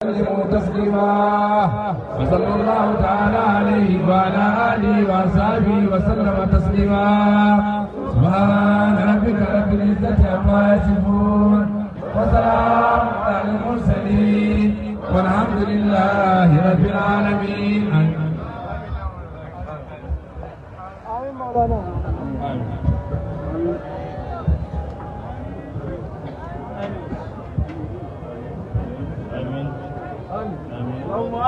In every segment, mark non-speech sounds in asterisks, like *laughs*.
تسليما وصلى الله تعالى عليه وعلى اله وصحبه وسلم تسليما سبحان ربك رب العزه عما يصفون وسلام على المرسلين والحمد لله رب العالمين آمين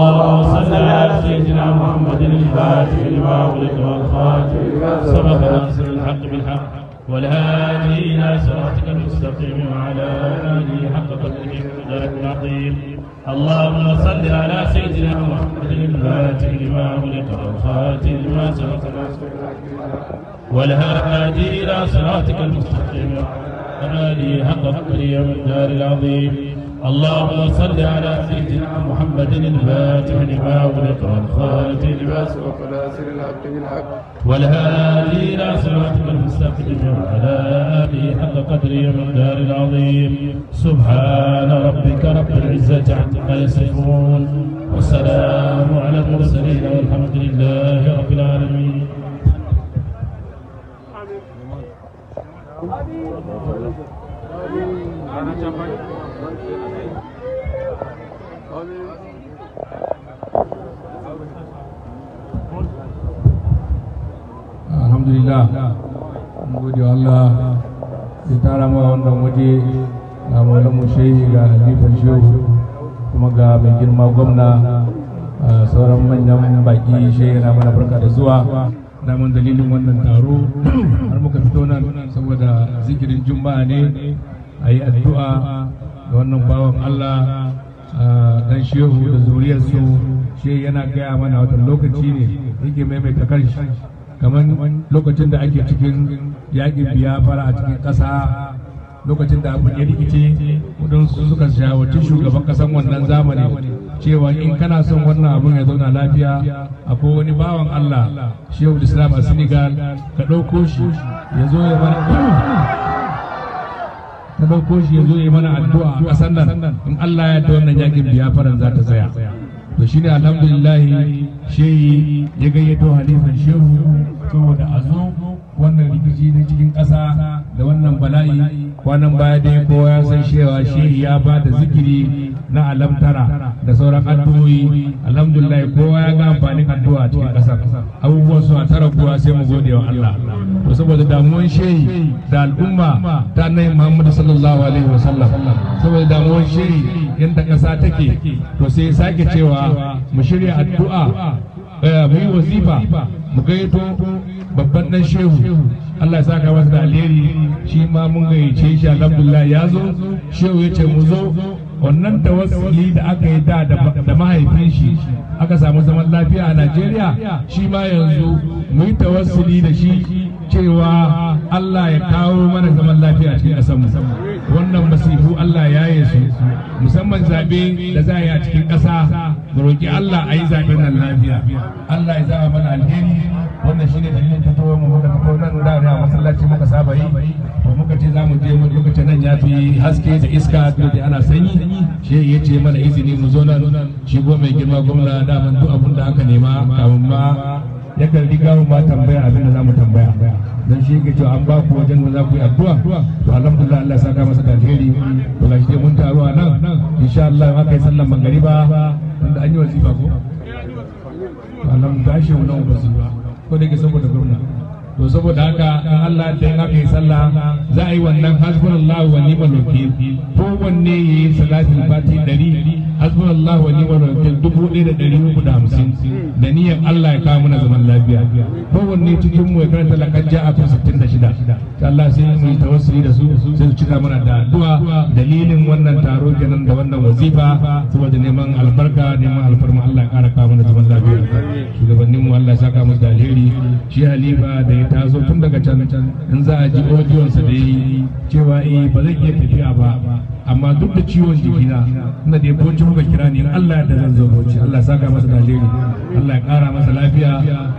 اللهم صل على سيدنا محمد الفاتح لما أغلق والخاتم سبق ناصر الحق بالحق والهادي إلى صراطك المستقيم وعلى آله حق قدره ومقداره العظيم اللهم صل على سيدنا محمد الفاتح لما أغلق والخاتم لما سبق ناصر الحق والهادي إلى صراطك المستقيم وعلى آله حق قدره ومقداره العظيم اللهم صل على سيدنا محمد الفاتح لما أغلق والخالق لما سبق ناصر الحق بالحق والهادي إلى صراط المستقيم وعلى آله حق قدره دار العظيم سبحان ربك رب العزة عما يصفون والسلام على المرسلين والحمد لله رب العالمين Thank you. Rana Alhamdulillah. Mun Allah tara ma wannan waje malamu shehi ga shehu kuma ga mai girma gwamna sauran manyan baki shehi na mana barka da zuwa. daman dalilin wannan taro har *clears throat* muka fito nan saboda zikirin juma'a ne Ayi addu'a ga wannan bawan Allah dan shehu da zuriyarsu she yana gaya mana wata lokaci ne yake maimaita kanshi kamar lokacin da ake cikin biya fara a cikin ƙasa lokacin da abu ya rikice su suka shawarci shugaban ƙasan wannan zamani cewa in kana son wannan abun ya zauna lafiya akwai wani bawan Allah shehu islam a senegal ka ɗauko shi ya zo ya bar kamar ko shi ya zo ya mana addu'a a ƙasar nan in Allah ya yarda wannan yakin biyafaran za ta tsaya to shine alhamdulillah shehi ya gayyato halifan shehu saboda a wannan rikici na cikin ƙasa da wannan bala'i kwanan baya dai kowa ya san cewa shi ya ba da zikiri na alamtara da sauran addu'o'i alhamdulillah kowa ya ga amfanin addu'a a cikin kasar abubuwan su a tara kuwa sai mu gode wa Allah to saboda damuwan shehi da al'umma ta nai Muhammadu sallallahu alaihi wa sallam. saboda damuwan shehi yanda kasa take to sai sake cewa mu shirya addu'a mu yi wasifa mu gaito babban dan shehu Allah ya saka masa da alheri shi ma mun gayyace shi alhamdulillah ya zo shehu ya ce mu zo wannan tawassuli da aka yi da da mahaifin shi aka samu zaman lafiya a Najeriya shi ma yanzu mu yi tawassuli da shi cewa Allah ya kawo mana zaman lafiya cikin ƙasar mu wannan masifu Allah ya yi su musamman zabe da za a yi a cikin ƙasa mu roƙi Allah a yi zaɓen nan lafiya Allah ya zama mana alheri wannan shine dalilin fitowar mu da fitowar nan da a masallaci muka saba yi to muka ce za mu je mu muka ce nan ya fi haske da iska da ana sanyi shi ya ce mana izini mu zo nan shi go mai girma gwamna da duk abin da aka nema kamar ma yakan riga mu ma tambaya abin da za mu tambaya dan shi yake cewa an ba ku wajen da za ku yi addu'a to alhamdulillah Allah ya saka masa alheri to gashi dai mun taruwa nan insha Allah in aka yi sallan magariba wanda an yi wazifa ko alhamdulillah shi wannan ba ko da yake saboda gwamnati to saboda haka in Allah ta yi aka sallah za a yi wannan hasbunallahu wa ni'mal wakil ya yi salatul fati dari hasbunallahu wa ni'mal wakil 1350 da da da uku hamsin niyyar Allah ya kawo mana zaman lafiya wanne cikin mu ya karanta lakan ja'a fi 66 Allah sai mu yi tawassuli da su sai su cika mana da addu'a dalilin wannan taro kenan da wannan wazifa saboda neman albarka neman alfarma Allah ya kara kawo mana zaman lafiya shugabannin mu Allah ya saka mu da alheri shi halifa da ta zo tun daga can in za a ji odiyonsa da ya yi cewa eh ba zan iya tafiya ba amma duk da ciwon jikina ina da ko muka kira ne Allah ya zan zo bauchi Allah ya saka masa dalili Allah ya kara masa lafiya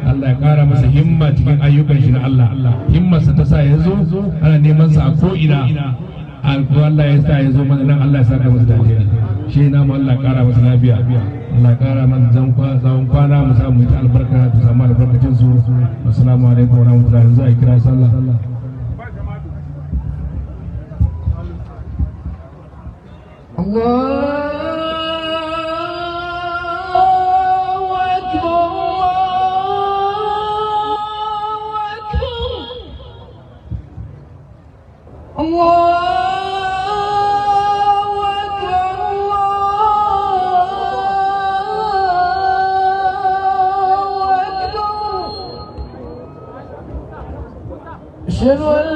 Allah ya kara masa himma cikin ayyukan shi na Allah himmarsa ta sa ya zo ana neman sa a ko ina Allah ya sa ya zo mana nan Allah ya saka masa dalili shi na mu Allah ya kara masa lafiya Allah kara masa tsawon kwana mu samu ta albarka ta samu albarkacin su assalamu alaikum wa rahmatullahi za a kira sallah Allah 结婚。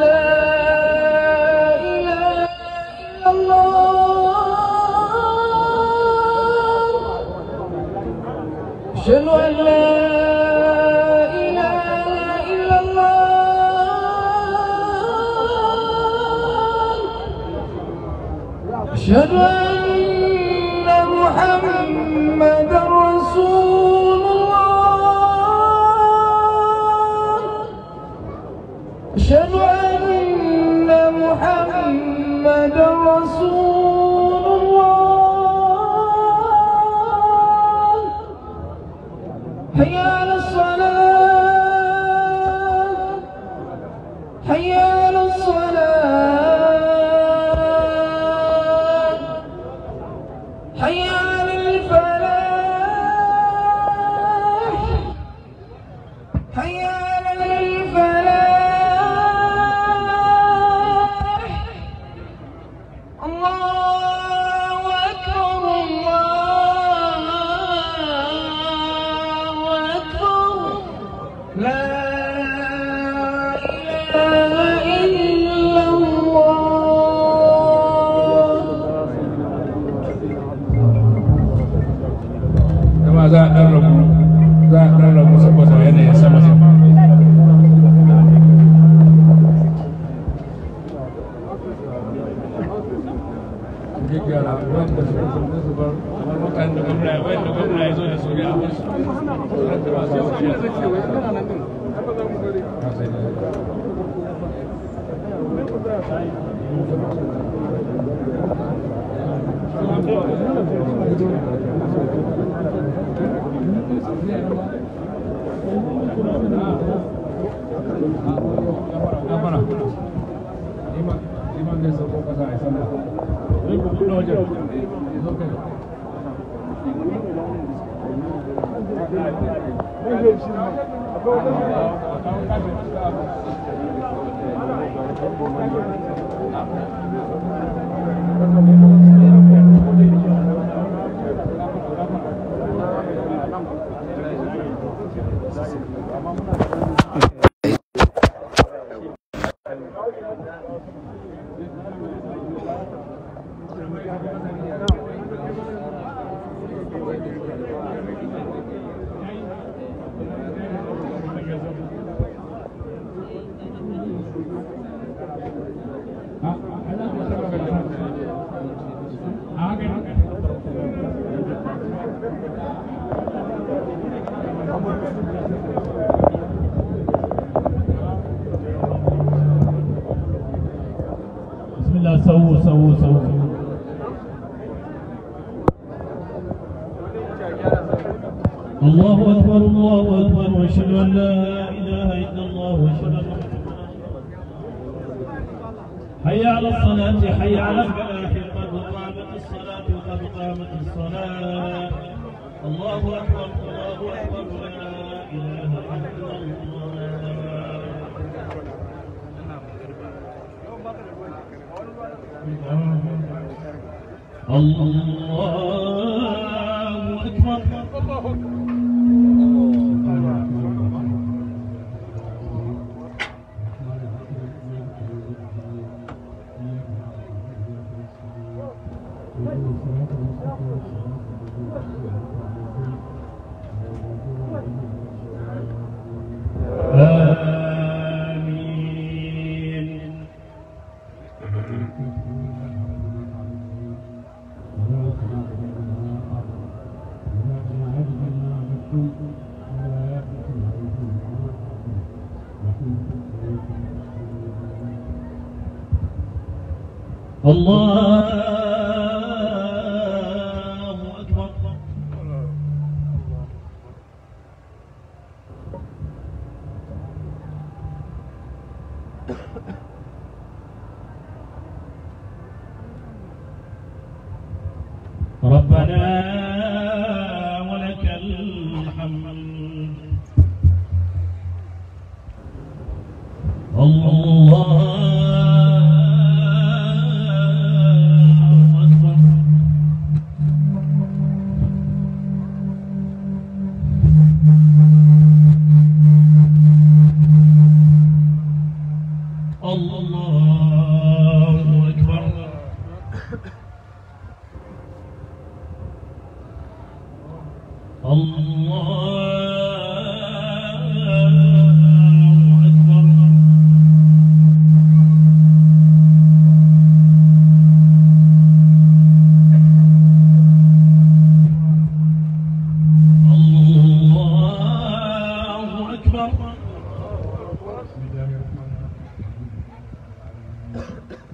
Thank you. الله أكبر الله أكبر وأشهد أن لا إله إلا الله وأشهد أن حي على الصلاة حي على الفلاح قد قامت الصلاة قد قامت الصلاة الله أكبر الله أكبر لا إله إلا الله الله الله Thank you.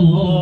الله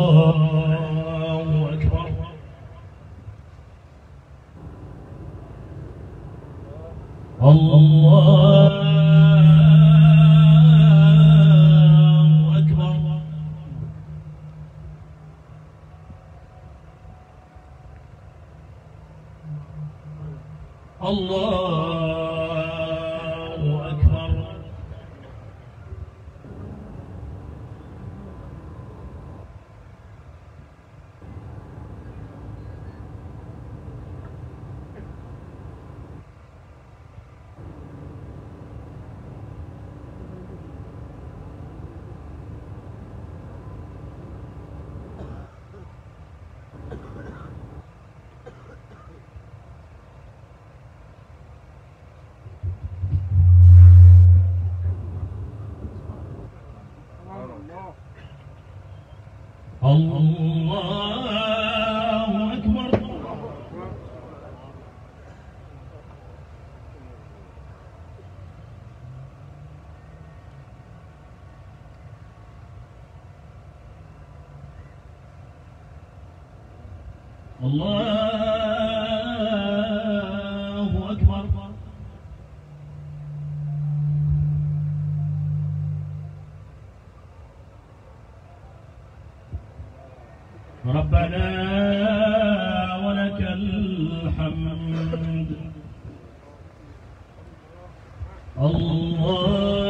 الله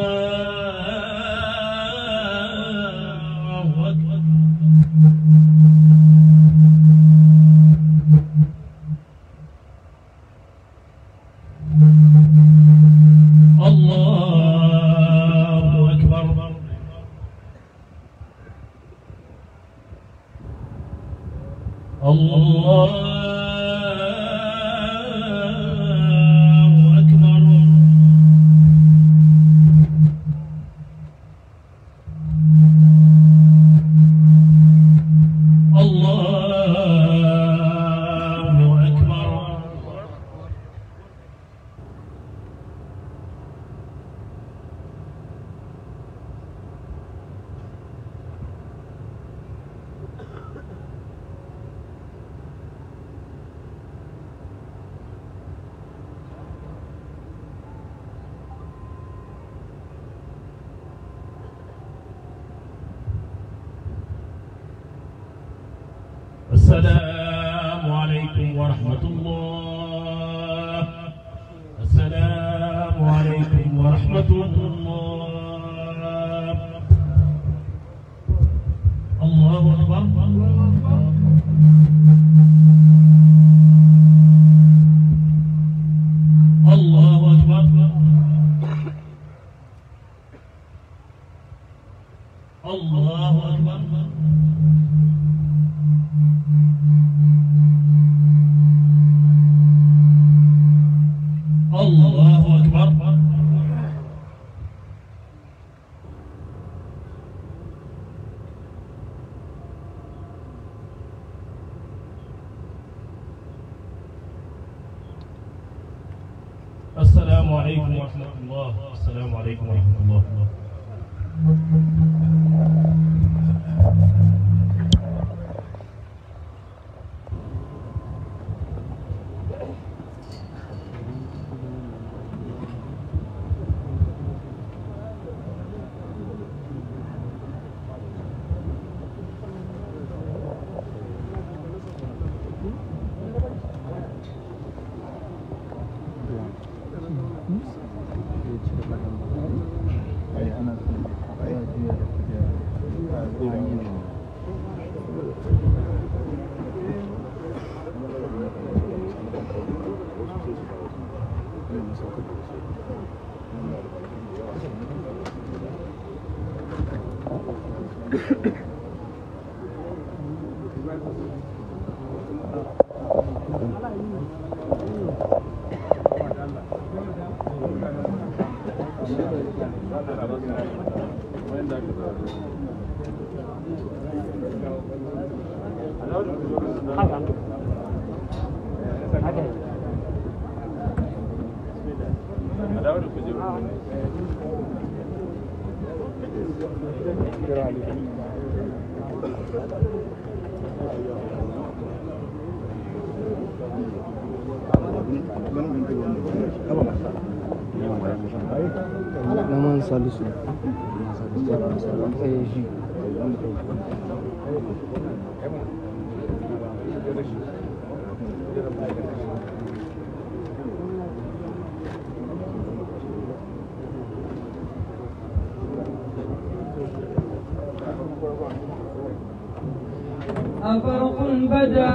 أفرق بدا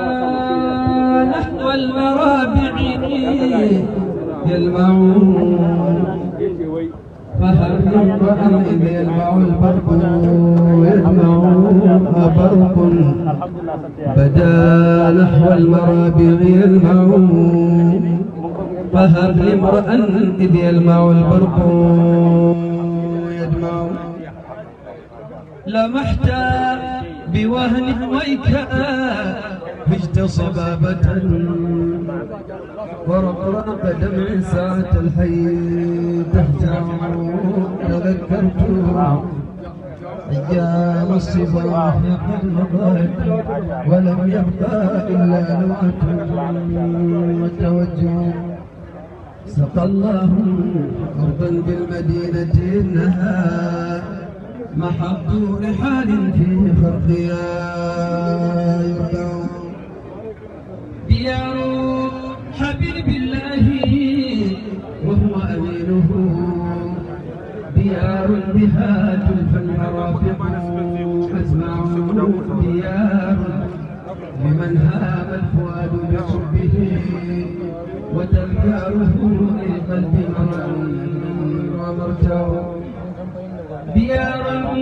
نحو المرابع يلمعون عن إذ يلمع البرق يلمع برق بدا نحو المرابع يلمع فهب لامرأ إذ يلمع البرق يدمع لمحت بوهن ويكأ هجت صبابة ورقراق دمع ساعة الحي تهجع تذكرت أيام الصباح في مضت ولم يبقى إلا لوعة وتوجه سقى الله أرضا بالمدينة إنها محط رحال في خرقها يرتعد اختيار حبيب الله وهو امينه ديار بها تلف المرافق مسمع ديار لمن هاب الفؤاد بحبه وتذكاره للقلب مرا ومرجع ديارا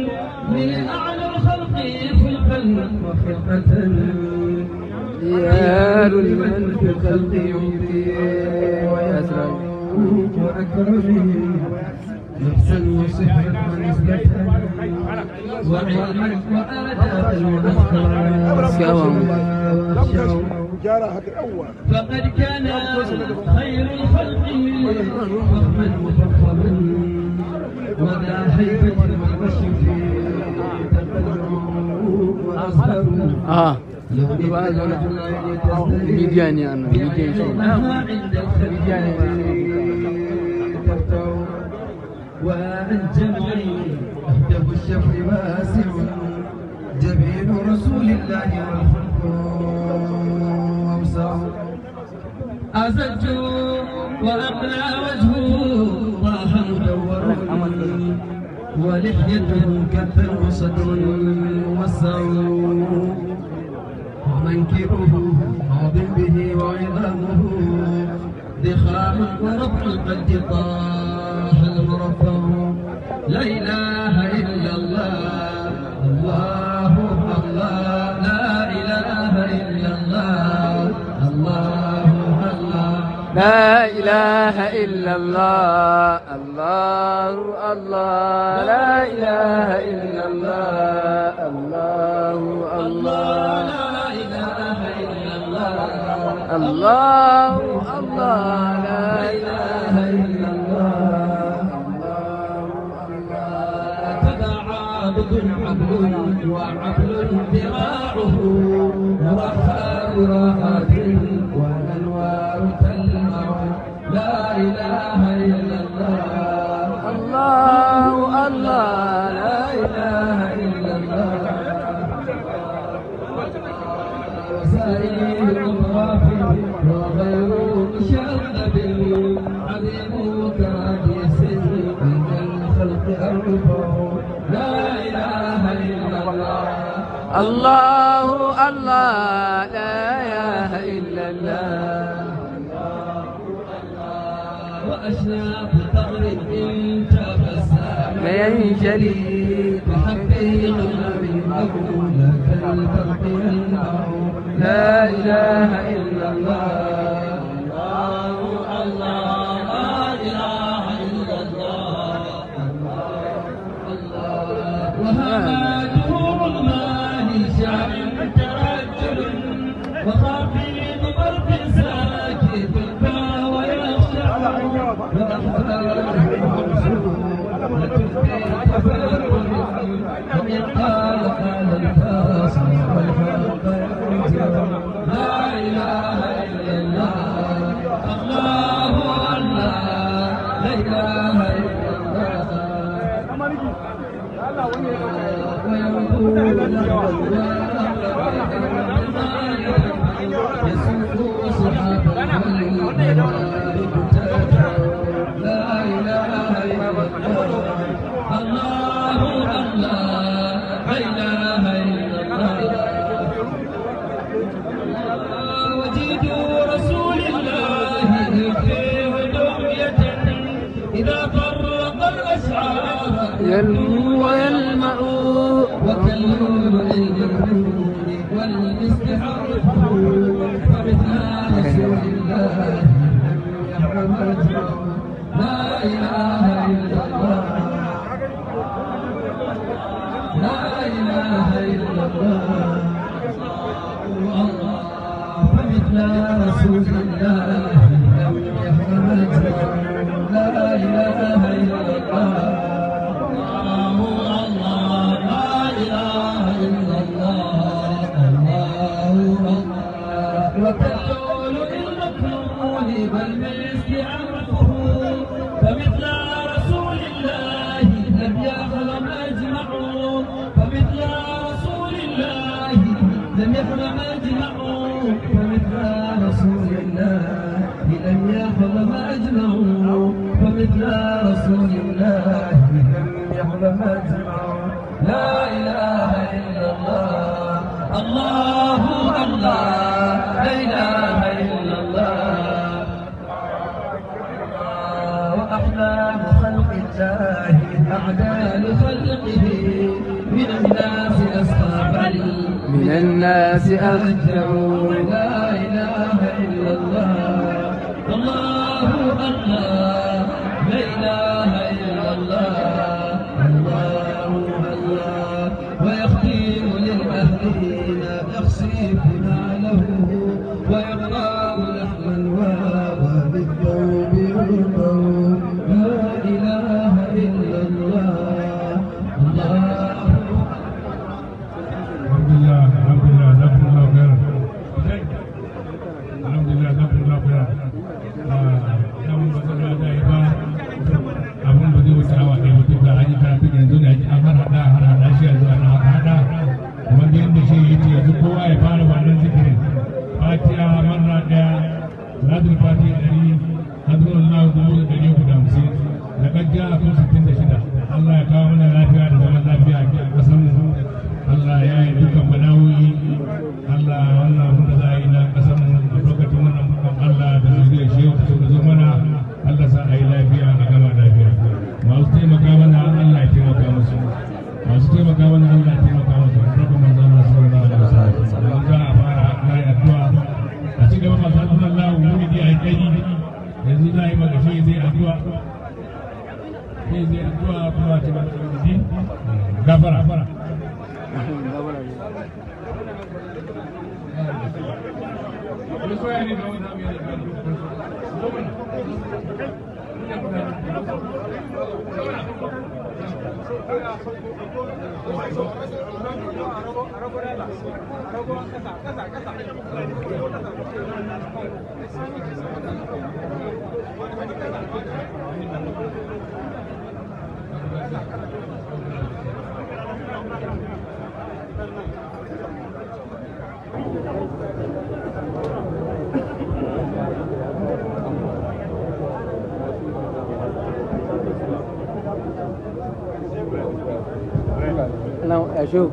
من اعلى الخلق خلقا وخلقه ديار المن في الخلق يمضي ويسرع وأكرمه نفسا وصفا ونسبة وعلما وأداة المذكرة جارها الأول فقد كان خير الخلق فخما مفخما وذا هيبة وبشر تقدم وأصبر ميدياني انا ميدياني وعن جمعي اهدب واسع جبين رسول الله والخلق اوسع ازج واقلع وجهه ضاح مدور ولحيته كالثلق وصدر وسع وأنكره ماض به وعظمه ذخام ورفع القد طاح المرفع لا إله إلا الله الله الله لا إله إلا الله الله الله لا إله إلا الله الله الله لا إله إلا الله الله الله الله الله لا إله إلا الله الله الله وأشرف ثغر إن تبسم من جليل بحبه غمر لك البرق لا إله إلا الله taimaka wani Allah taimaka masa taimaka manzo Allah sallallahu alaihi wasallam za a fara ayi addu'a a ci gaba manzo Allah wuri da ai kai yanzu za a yi maka shi zai addu'a sai zai addu'a kuma ta ba gafara Thank you. show.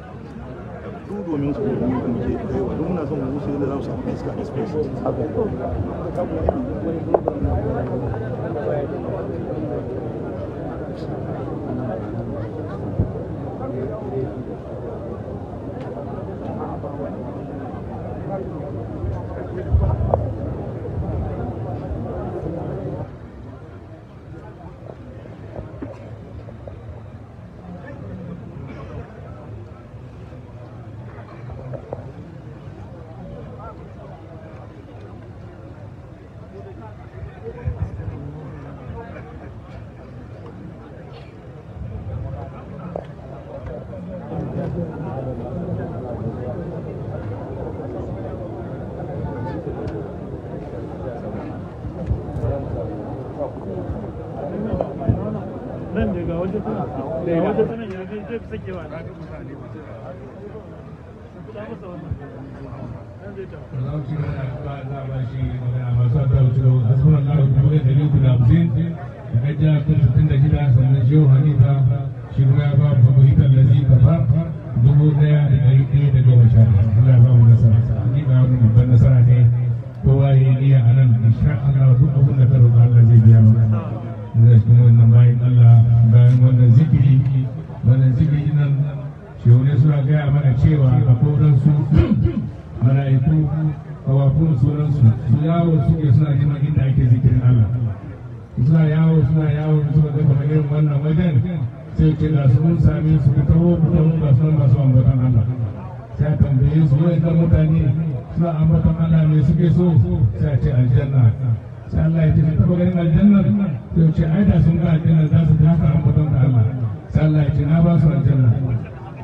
domin su domin ku muke kaiwa don muna son mu wuce da za mu samu iska da space kowa ya yi niyya a nan insha Allah duk abin da ka roƙa Allah zai biya maka rashin wannan bayan Allah bayan wannan zikiri wannan zikiri nan shehune suna gaya mana cewa a kodansu mala'iku kawafin sunansu su yawo suke suna neman inda ake zikirin Allah suna yawo suna yawo suka ga kamar irin wannan wajen sai ce da su mun same su ku taho ku taho ga sunan masu ambatan Allah sai a tambaye su wai mutane suna ambatan Allah me suke so sai a ce aljanna sai Allah ya ce ka taba ganin aljannar sai ce ai da sun ga aljannar za su taka ambaton da Allah sai Allah ya ce na ba su aljanna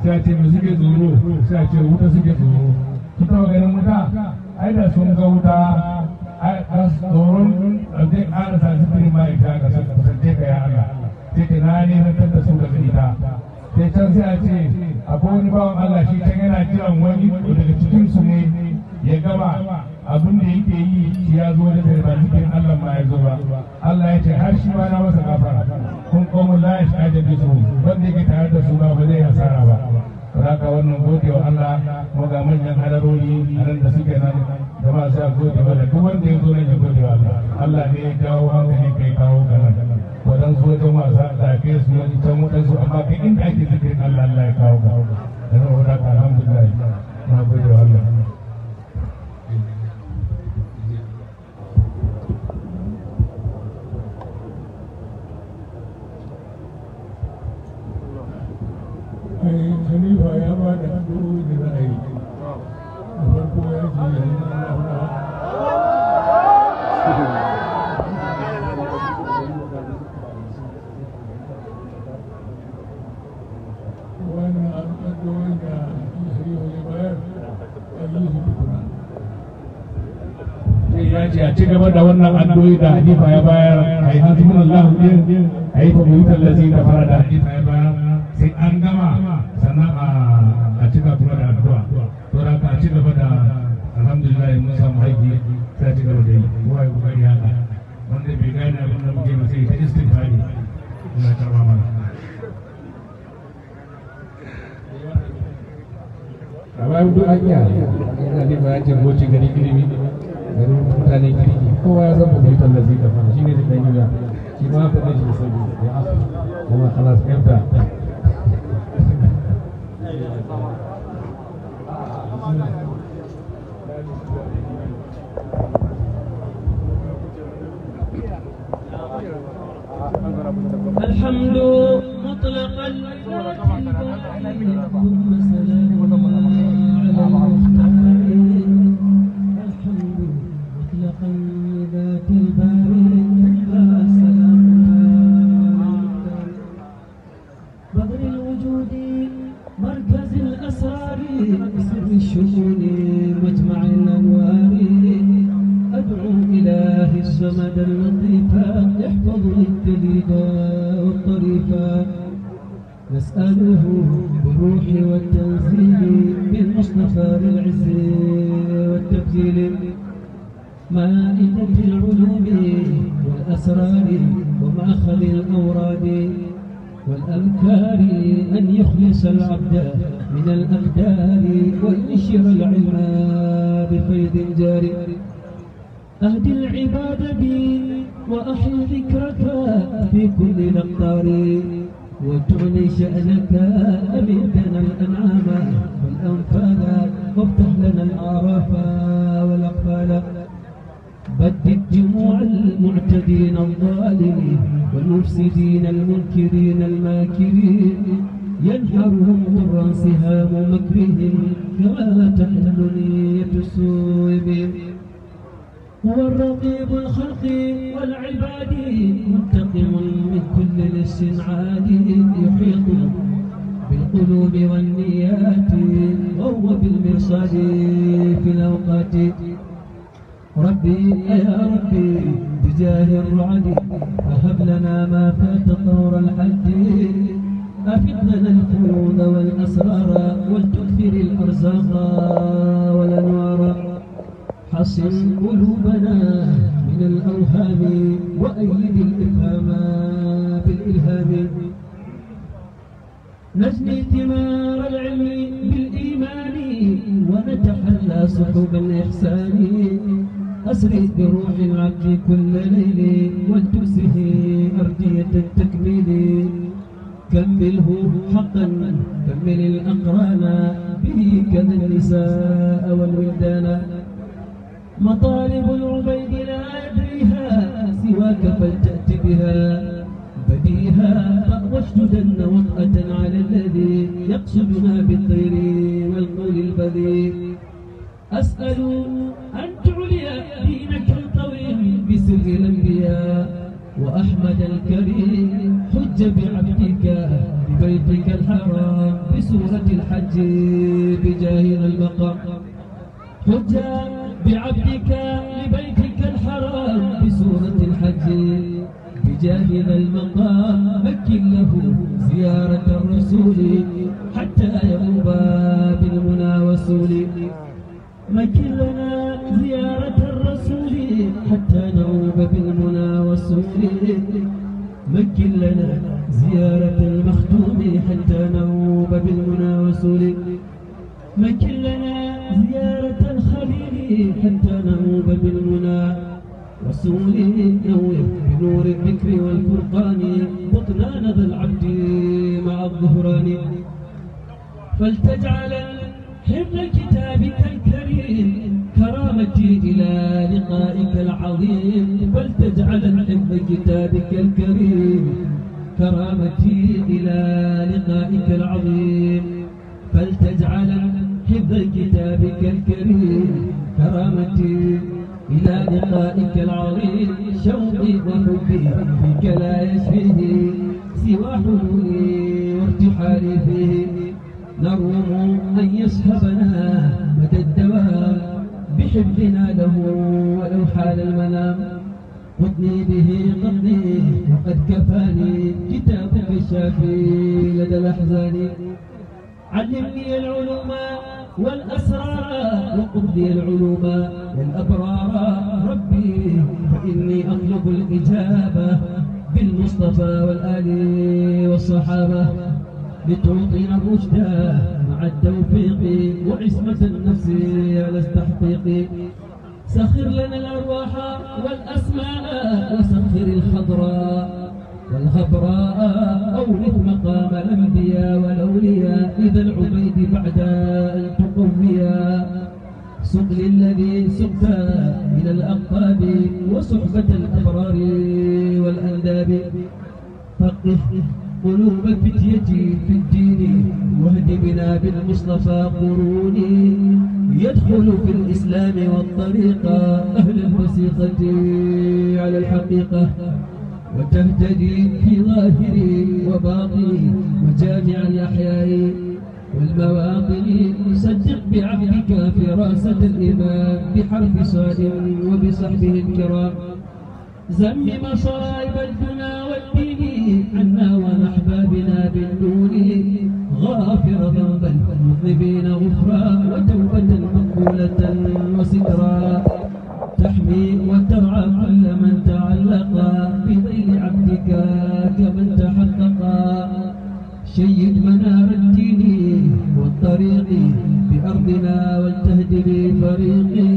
sai ya ce me suke tsoro sai ce wuta suke tsoro ki taba ganin wuta ai da sun ga wuta a tsoron zai ƙara sa zikirin ma'aikata ga su kusance ka ya Allah sai ce na ne nisantar da su ga ita sai can sai a ce akwai wani bawan Allah shi can yana jiran wani daga cikinsu ne ya gaba. abin da yake yi ya zo da zai ba cikin Allah ma ya zo ba Allah ya ce har shi ma na masa gafa kun komo la shi da su wanda yake tare da su ba ba zai hasara ba saboda wannan gode wa Allah mu ga manyan hadarori a nan da suke nan da ba a gode ba da duk wanda ya zo nan ya gode wa Allah Allah ne ya kawo hankali kai kawo kana wadan su wajen wasa zafe su wani can wadansu amma kai inda ake zikirin Allah Allah ya kawo ka da saboda alhamdulillah na gode wa Allah hanifa ya da addu'o'i ya ci gaba da wannan bayar a yi hasbunallahu a yi fa muyitan da fara da ya bayar sai an gama sannan a cika tura da addu'a to da ka ci gaba da alhamdulillah mun samu haƙi sai ci gaba da yi kowa ya kokari haka wanda bai gane abin da muke ta istighfari Allah ya karba mana a bayan duk yana ne gari girmi garin mutanen kirki kowa ya zama shi ne da ɗan shi ma shi da ya asu kuma الحمد مطلقا هواك فلتأت بها بديها واشددا وطأة على الذي يقصدها بالطير والقول البذيء أسأل أن تعلي دينك القويم بسر الأنبياء وأحمد الكريم حج بعبدك ببيتك الحرام بسورة الحج بجاهل المقام حجاب جانب المقام مكن له زيارة الرسول حتى يوبى بالمنى وسول مكن لنا زيارة الرسول حتى نوب بالمنى والسول مكن لنا زيارة المخدوم حتى نوب بالمنى والسول مكن لنا زيارة الخليل حتى نوب بالمنى وسول نوب بنور الذكر والفرقان بطلان ذا العبد مع الظهران فلتجعل حفظ كتابك الكريم كرامتي إلى لقائك العظيم فلتجعل حفظ كتابك الكريم كرامتي إلى لقائك العظيم فلتجعل حفظ كتابك الكريم كرامتي إلى لقائك العظيم شوقي وحبي فيك لا يشفيه سوى حلولي وارتحالي فيه نروم أن يصحبنا مدى الدوام بحبنا له ولو حال المنام خذني به قبلي وقد كفاني كتابك الشافي لدى الأحزان علمني العلوم والأسرار وقم لي العلوم والأبرار ربي فإني أطلب الإجابة بالمصطفى والآل والصحابة لتعطينا الرشد مع التوفيق وعصمة النفس على التحقيق سخر لنا الأرواح والأسماء وسخر الخضراء والغبراء أورث مقام الأنبياء والأولياء إذا العبيد بعد أن تقويا سق للذي سقت من الأقطاب وصحبة الأبرار والأنداب فقه قلوب الفتية في الدين واهد بنا بالمصطفى قروني يدخل في الإسلام والطريقة أهل الوسيقة على الحقيقة وتهتدي في ظاهري وباطني وجامع الأحياء والمواطن صدق بعبدك فراسة الإمام بحرف صاد وبصحبه الكرام زمم مصائب الدنا والدين عنا ونحبابنا بالدون غافر ذنب المذنبين غفرا وتوبة مقبولة وسترا تحمي وترعى كل من شيد منار الدين والطريق بأرضنا والتهدي بفريقي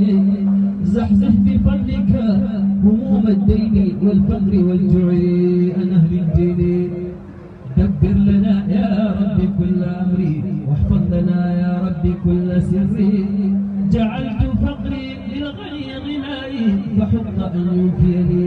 زحزح بفضلك هموم الدين والفقر والجوع عن أهل الدين دبر لنا يا رب كل أمري واحفظ لنا يا رب كل سري جعلت فقري للغني غنائي فحط أن يوفيني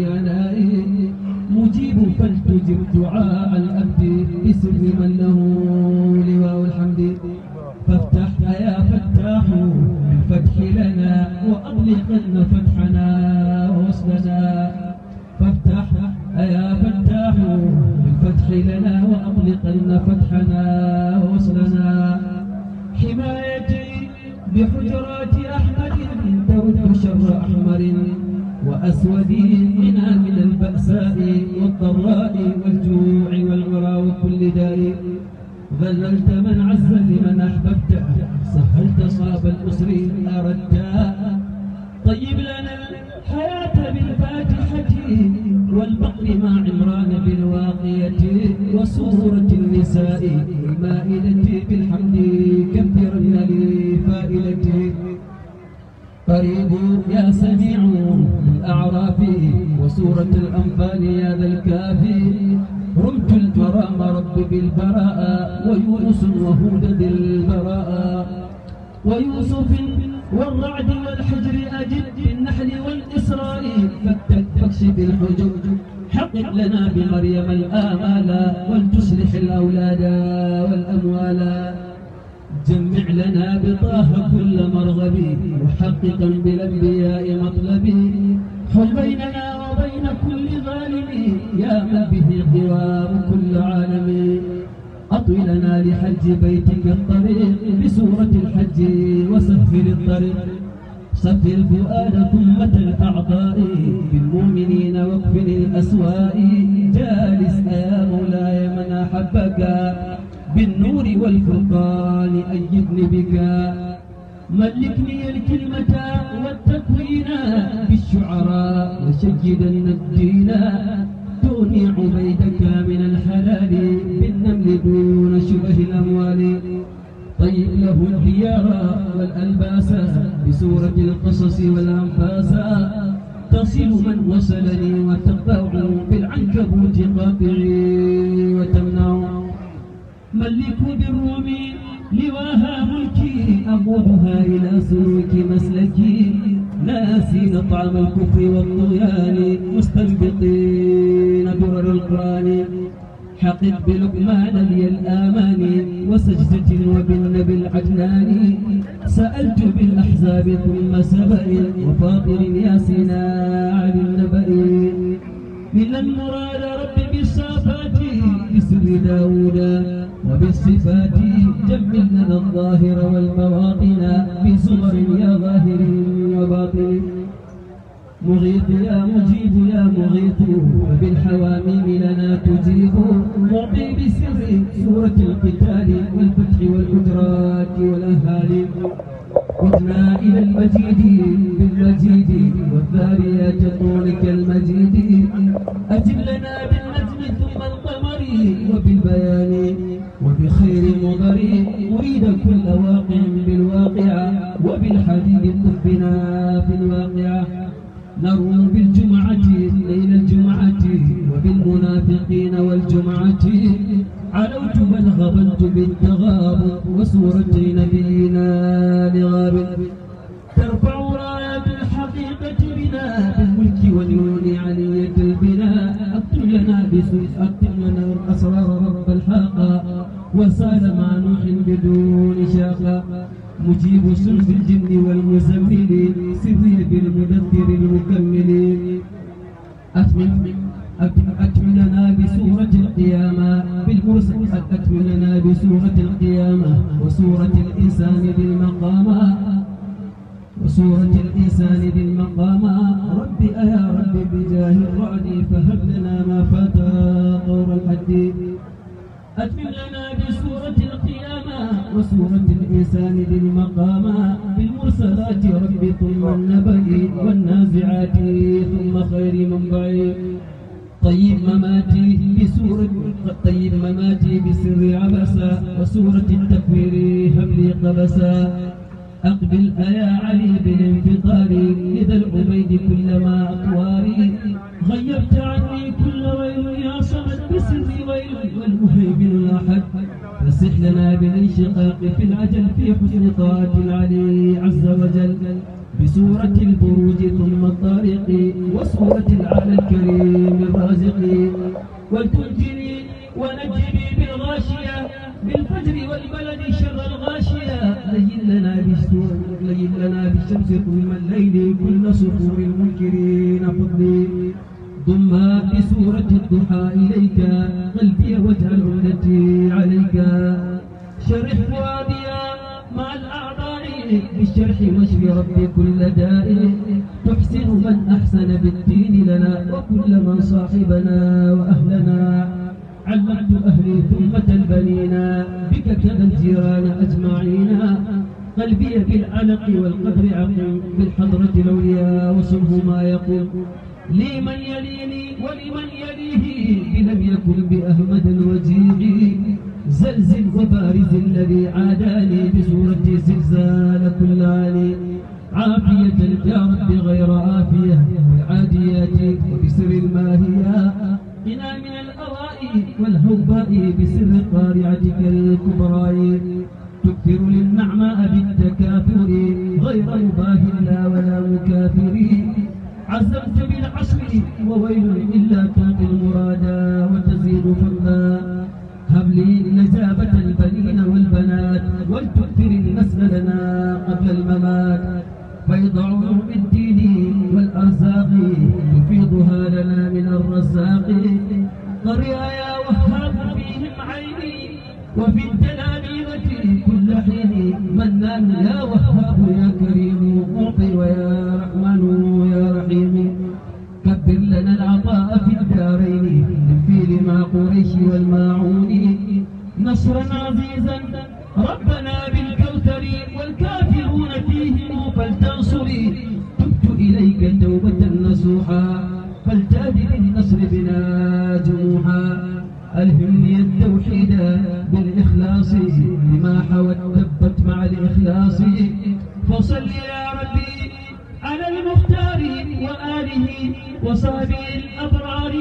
بسورة القصص والأنفاس تصل من وصلني وتقطع بالعنكبوت قاطعي وتمنع ملك بالروم لواها ملكي أقودها إلى سلوك مسلكي ناسين طعم الكفر والطغيان مستنبطين درر القرآن حقق بلقمان لي الآمان وسجدة وبالنبي العدنان سبأ وفاطر ياسنا عن النبأ من المراد رب بالصفات اسم داود وبالصفات جملنا الظاهر والبواطن بصور يا ظاهر وباطن مغيث يا مجيب يا مغيث وبالحواميم لنا تجيب معطي بسر سورة القتال والفتح والهجران وصلنا إلى المجيد بالمجيد والذاريات طولك المجيد أجب لنا بالنجم ثم القمر وبالبيان وبخير المضر أريد كل واقع بالواقعة وبالحبيب طبنا في الواقعة نروم بالجمعة ليل الجمعة وبالمنافقين والجمعة سورة البروج ثم الطارق وسورة على الكريم الرازق ولتنجني ونجني بالغاشية بالفجر والبلد شر الغاشية لين لنا بالسور لين لنا بالشمس طول الليل كل صخور المنكرين فضلي ضم بسورة الضحى إليك قلبي وجه العمدة عليك شرح فؤادي مع الأعضاء بالشرح واشفي ربي كل دائم تحسن من أحسن بالدين لنا وكل من صاحبنا وأهلنا علمت أهلي ثمة البنينا بك كذا الجيران أجمعين قلبي بالعلق والقدر عقيم بالحضرة الأولياء وصله ما يقول لي من يليني ولمن يليه بلم يكن بأهمد الوجيه زلزل وبارز الذي عاداني بصورة زلزال كل عالي عافية يا رب غير عافية والعاديات وبسر الماهية قنا من الأرائي والهوباء بسر قارعتك الكبرى تكثر للنعماء بالتكاثر غير يباهي لا ولا مكافر عزمت بالعشر وويل إلا تاق المرادى وتزيد فضلا هب لي نجابة البنين والبنات ولتؤثر النسل لنا قبل الممات فيضعوه بالدين والأرزاق يفيضها لنا من الرزاق قرئ يا وهاب فيهم عيني وفي التلاميذ كل حين منان يا وهاب يا كريم أعطي ويا رحمن يا رحيم كبر لنا العطاء في الدارين في لما قريش والماعون نصرا عزيزا ربنا بنا التوبة توبة نصوحا للنصر بلا جموحا ألهمني التوحيد بالإخلاص لما حوت دبت مع الإخلاص فصل يا ربي على المختار وآله وصحبه الأبرار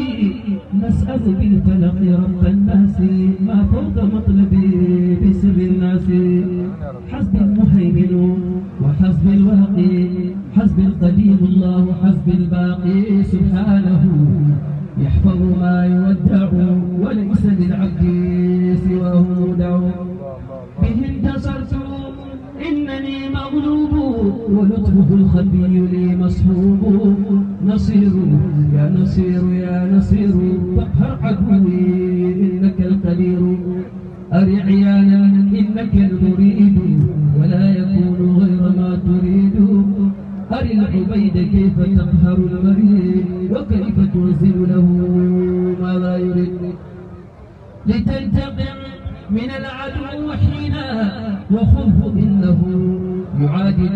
نسأل بالفلق رب الناس ما فوق مطلبي بسر الناس حسب المهيمن وحسب الواقي حسب القديم الله حسب الباقي سبحانه يحفظ ما يودع وليس للعبد سواه مودع به انتصرت إنني مغلوب ولطفه الخبي لي مصحوب نصير يا نصير يا نصير فاقهر عدوي العدو حينا وخذه إنه يعادي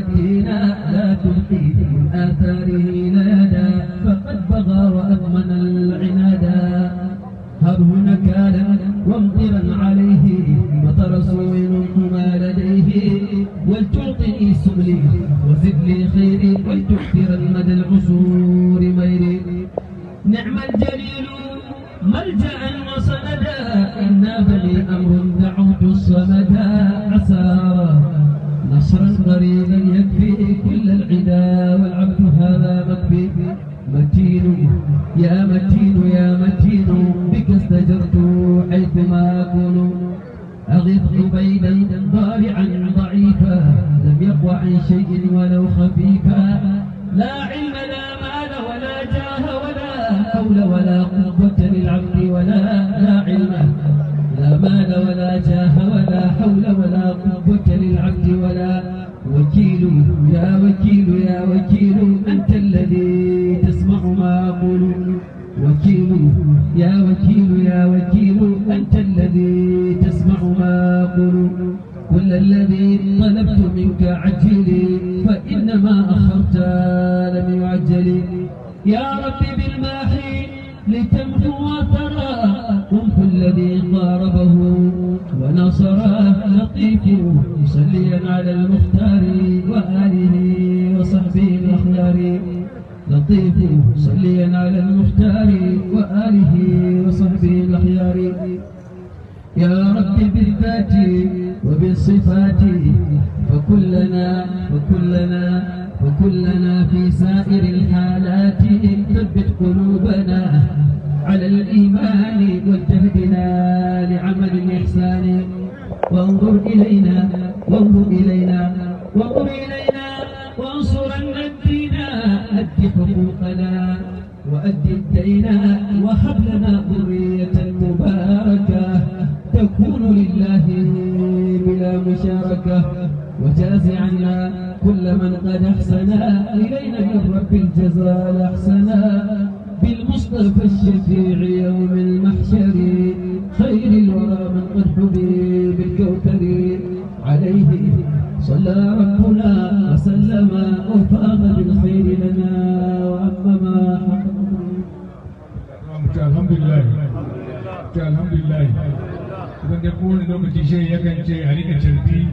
san ko kowane lokaci shi yakan ce a rika carfi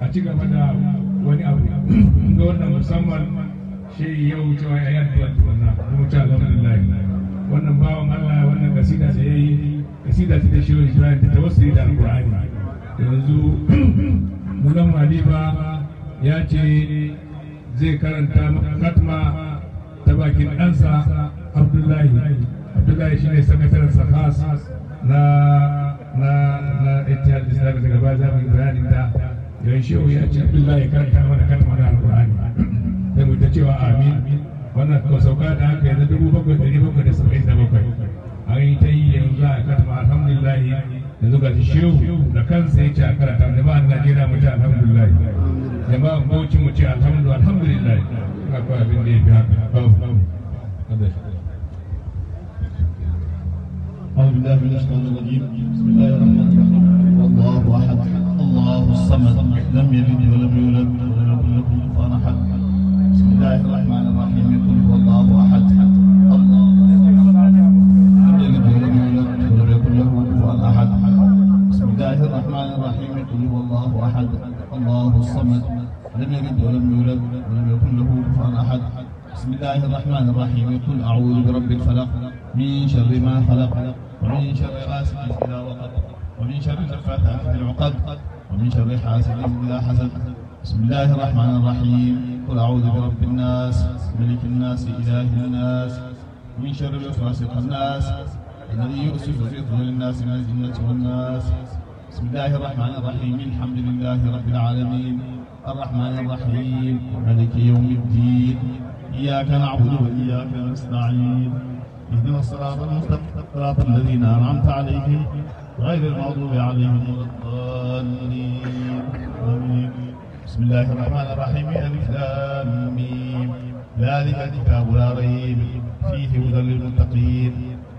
a ci gaba da wani abu ga wannan musamman shi yau cewa ya yi addu'a tuwanna kuma ta alhamdulillah wannan bawan Allah wannan kasida da yayi kasida ta da shirin Ibrahim ta tawassuli da Alqur'ani yanzu *clears throat* Mulan Halifa ya ce zai karanta katma ta bakin ɗansa Abdullahi Abdullahi shi ne sakataren sa na na na ittihad islami daga baya za mu yi bayanin shehu ya ce karanta mana kan mana alqur'ani sai mu ta cewa amin wannan ko sauka da haka yanzu dubu bakwai bakwai da saba'in da bakwai an yi ta yi yanzu za a katama alhamdulillah yanzu ga shehu da kansa ya ce a karanta jama'an najeriya mu ce bauchi mu ce akwai abin da ya fi haka أعوذ بالله من الشيطان الرجيم بسم الله الرحمن الرحيم الله أحد الله الصمد لم يلد ولم يولد ولم يكن له كفوا أحد بسم الله الرحمن الرحيم يقول هو الله أحد الله لم يلد ولم يولد ولم يكن له كفوا أحد بسم الله الرحمن الرحيم يقول هو الله أحد الله الصمد لم يلد ولم يولد ولم يكن له كفوا أحد بسم الله الرحمن الرحيم قل أعوذ برب الفلق من شر ما خلق ومن شر غاسق إذا وقب ومن شر النفاثات في العقد ومن شر حاسد إذا حسد بسم الله الرحمن الرحيم قل أعوذ برب الناس ملك الناس إله الناس من شر الوسواس الخناس الذي يؤسف في ظهور الناس من الجنة والناس بسم الله الرحمن الرحيم الحمد لله رب العالمين الرحمن الرحيم ملك يوم الدين إياك نعبد وإياك نستعين اهدنا الصراط المستقيم صراط الذين أنعمت عليهم غير المغضوب عليهم ولا الضالين بسم الله الرحمن الرحيم ألف لام ذلك الكتاب لا ريب فيه هدى للمتقين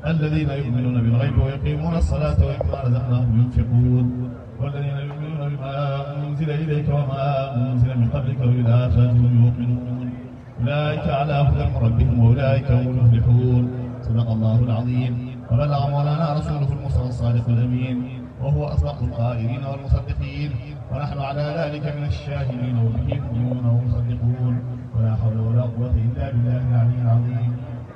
الذين يؤمنون بالغيب ويقيمون الصلاة ومما رزقناهم ينفقون والذين يؤمنون بما أنزل إليك وما أنزل من قبلك وبالآخرة هم يؤمنون أولئك على هدى من ربهم وأولئك هم المفلحون صدق الله العظيم وبلغ مولانا رسوله المصطفى الصادق الأمين وهو أصدق القائلين والمصدقين ونحن على ذلك من الشاهدين والمهمون والمصدقون ولا حول ولا قوة إلا بالله العلي العظيم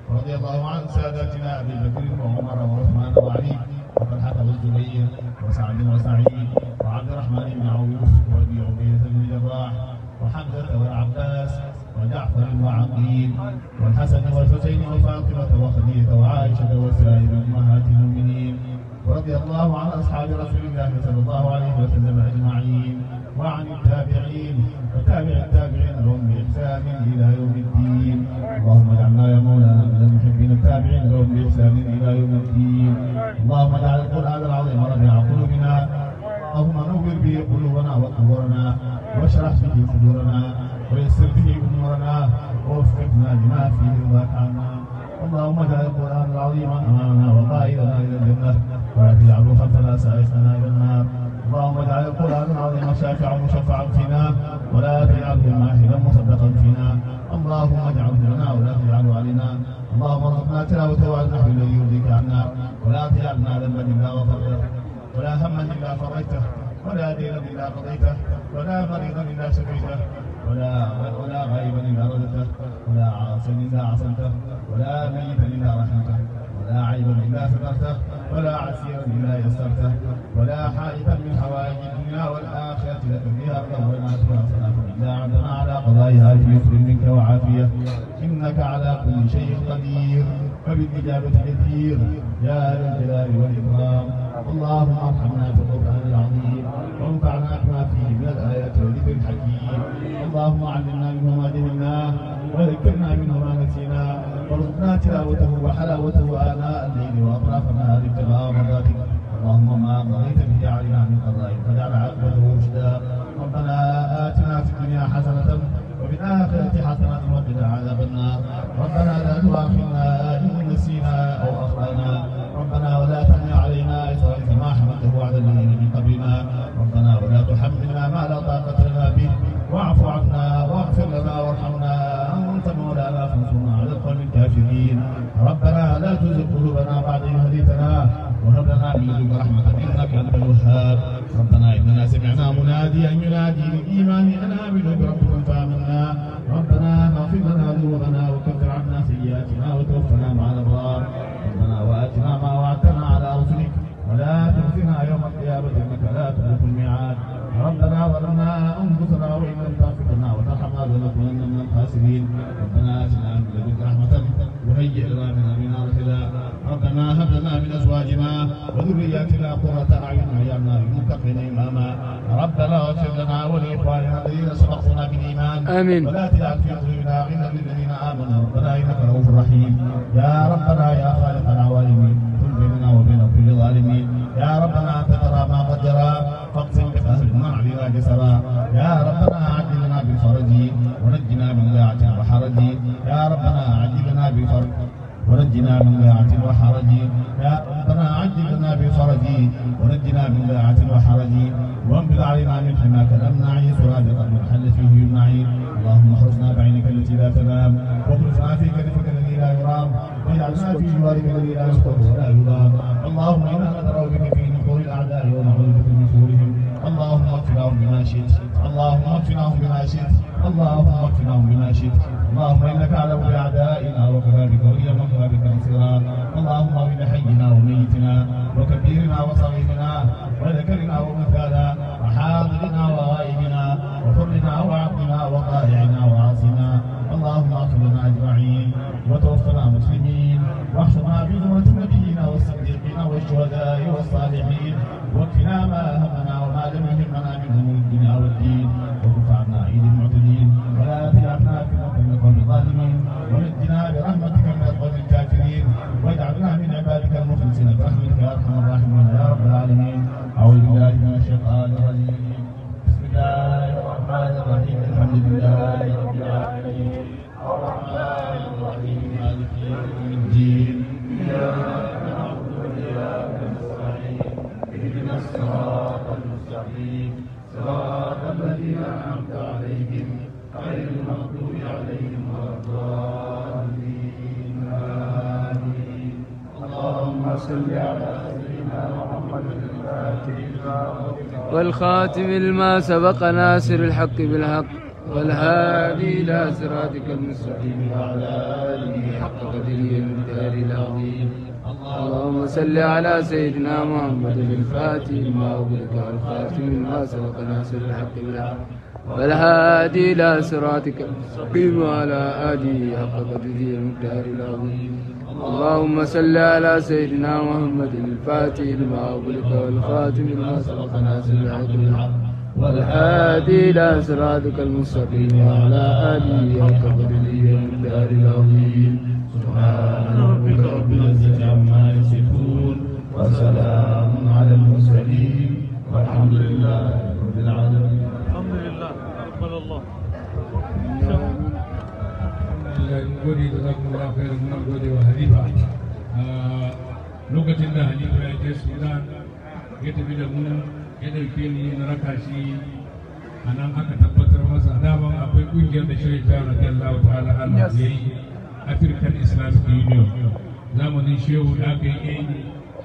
رضي الله عن ساداتنا أبي بكر وعمر وعثمان وعلي وطلحة والزبير وسعد وسعيد وعبد الرحمن بن عوف وأبي عبيدة بن جراح وحمزة والعباس وجعفر وعقيل والحسن والحسين وفاء أصحاب رسول الله صلى الله عليه وسلم أجمعين وعن التابعين وتابع التابعين لهم بإحسان إلى يوم الدين اللهم اجعلنا يا مولانا من المحبين التابعين لهم بإحسان إلى يوم الدين اللهم اجعل القرآن العظيم ربيع قلوبنا اللهم نور به قلوبنا وقبورنا واشرح به صدورنا ويسر به أمورنا ووفقنا لما فيه رضاك عنا اللهم اجعل القرآن العظيم أمامنا وقائدنا إلى الجنة ومسائقنا إلى النار اللهم اجعل القرآن العظيم شافعا مشفعا فينا ولا تجعله ماحلا مصدقا فينا اللهم اجعله لنا ولا تجعله علينا اللهم ارزقنا تلاوته على نحو الذي يرضيك عنا ولا تجعلنا ذنبا الا غفرته ولا هما الا فرجته ولا دينا الا قضيته ولا مريضا الا شفيته ولا ولا غائبا الا رددته ولا عاصيا الا عصمته ولا ميتا الا رحمته ولا عيبا الا سترته ولا عسيرا إلا يسرته ولا حائفا من حوائج الدنيا والآخرة لك فيها ربنا صلاه إلا عندنا على قضائها يسر منك وعافية إنك على كل شيء قدير فبالاجابه كثير يا ذا الجلال والإكرام اللهم ارحمنا بالقرآن العظيم وانفعنا بما فيه من الآيات والذكر الحكيم اللهم علمنا تلاوته وحلاوته آناء الليل وأطراف النهار ابتغاء مرضاتك اللهم ما قضيت به علينا من قضائك فجعل عاقبته مشتاقا ربنا يا خالقنا والمين كن بيننا وبين كل ظالمين يا ربنا أنت خاتم الما سبق ناصر الحق بالحق والهادي إلى صراطك المستقيم وعلى آله حق قدره المختار العظيم اللهم صل على سيدنا محمد الفاتح ما أغلق الخاتم الما سبق ناصر الحق بالحق والهادي إلى صراطك المستقيم وعلى آله حق قدره المقدار العظيم اللهم صل على سيدنا محمد الفاتح لما أغلق والخاتم لما سبق ناصر العدل والهادي إلى صراطك المستقيم وعلى آله حق قدره المقدار العظيم سبحان ربك رب العزة عما يصفون وسلام على المرسلين والحمد لله gode da zaku mura khairu gode wa halifa lokacin da halifa ya je sudan ya tafi da mu ya dauke ni na raka shi a aka tabbatar masa daman akwai kungiyar da shirin ta radiyallahu ta'ala Allah ya African Islamic Union zamanin shehu da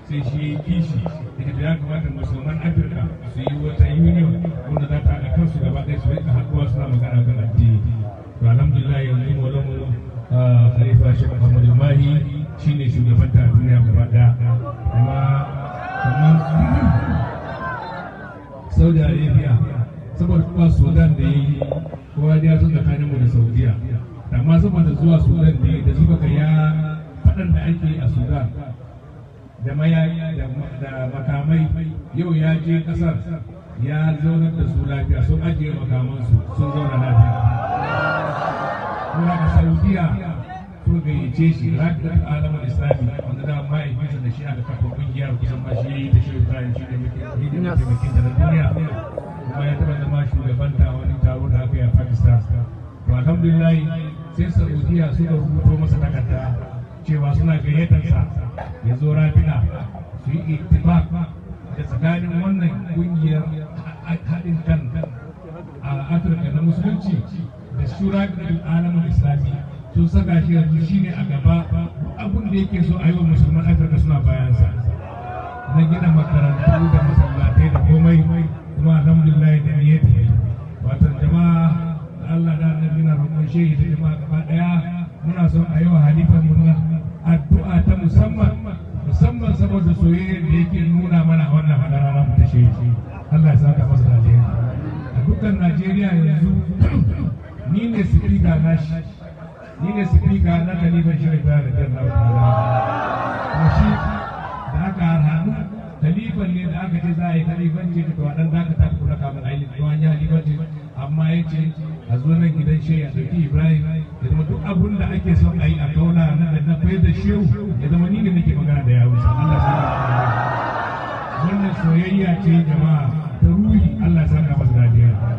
sai shi kishi da ya musulman su yi wata union wanda za ta kansu gaba suna magana kan addini to alhamdulillah yanzu Ah, khalifa shi muhammad mahi shi ne shugaban ta duniya gaba kuma amma saudi arabia saboda kuma sudan da yi kowa da ya zo tsakaninmu da saudiya amma saboda zuwa sudan da yi da zuba ka ya faɗan da ake a sudan da mayayi da makamai yau ya je ƙasar ya zaunar da su lafiya sun ajiye makamansu sun zauna lafiya kuma a saudiya ko gayyace shi da alamar islami wanda da mahaifinsa da shi aka kafa kungiya kusan ma shi ya yi ta shirin da shi da mataimakin da na duniya kuma ya taɓa zama shugabanta wani taro da aka yi a pakistan to alhamdulillah sai saudiya suka rubuto masa takarda cewa suna gayyatarsa ya zo rafina su yi ittifaq da tsakanin wannan kungiyar haɗin kan a afirka na musulunci da shura bil alamin islami sun saka shi yanzu shine a gaba abin da yake so a yi wa musulman afirka suna bayansa na gina makarantu da masallatai da komai kuma alhamdulillah da niyyati watan jama'a Allah da annabi na roƙon shehi da jama'a gaba daya muna son a yi wa halifan murna addu'a ta musamman musamman saboda soyayyar da yake nuna mana a wannan hadara na ta Allah ya saka masa Najeriya a dukkan Najeriya yanzu ni ne sifika na shi ni ne sifika na kalifan shirin ta da jan lawa ta shi da aka harhanu taliban ne da aka ce za a yi kalifan ce to a dan zaka ta kura kamar ainihin to an yi ce amma ya ce a zo nan gidan shi a ɗauki ibrahim ya zama duk abun da ake son a yi a kauna na da na fayar da shehu ya zama ni ne nake magana da yawon sa Allah sa wannan soyayya ce jama'a ta ruhi Allah sa ka masa dajiya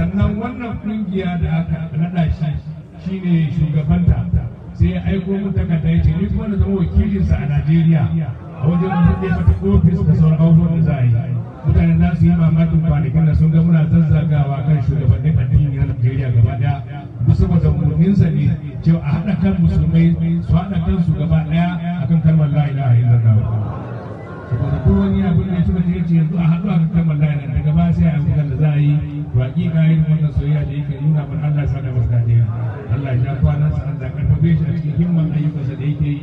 sannan wannan kungiya da aka naɗa shi shine shugabanta sai ya aiko mu takarda ya ce ni kuma na zama wakilinsa a Najeriya a wajen buɗe mata ofis da sauran abubuwan da za a yi mutane za su yi mamakin kwanakin da sun ga muna zazzagawa kan shugabannin addini na Najeriya gaba daya duk saboda murninsa ne cewa a hada kan musulmai su haɗa su gaba daya akan kalmar la ilaha illallah da wani abin da suka je ce yanzu a haɗu a kan mallaya daga ba sai a yi da za a yi baƙi ka yi wannan soyayya da yake nuna mana Allah ya sada masa dajiya Allah ya kwana sa Allah karfafe shi a cikin himman ayyukansa da yake yi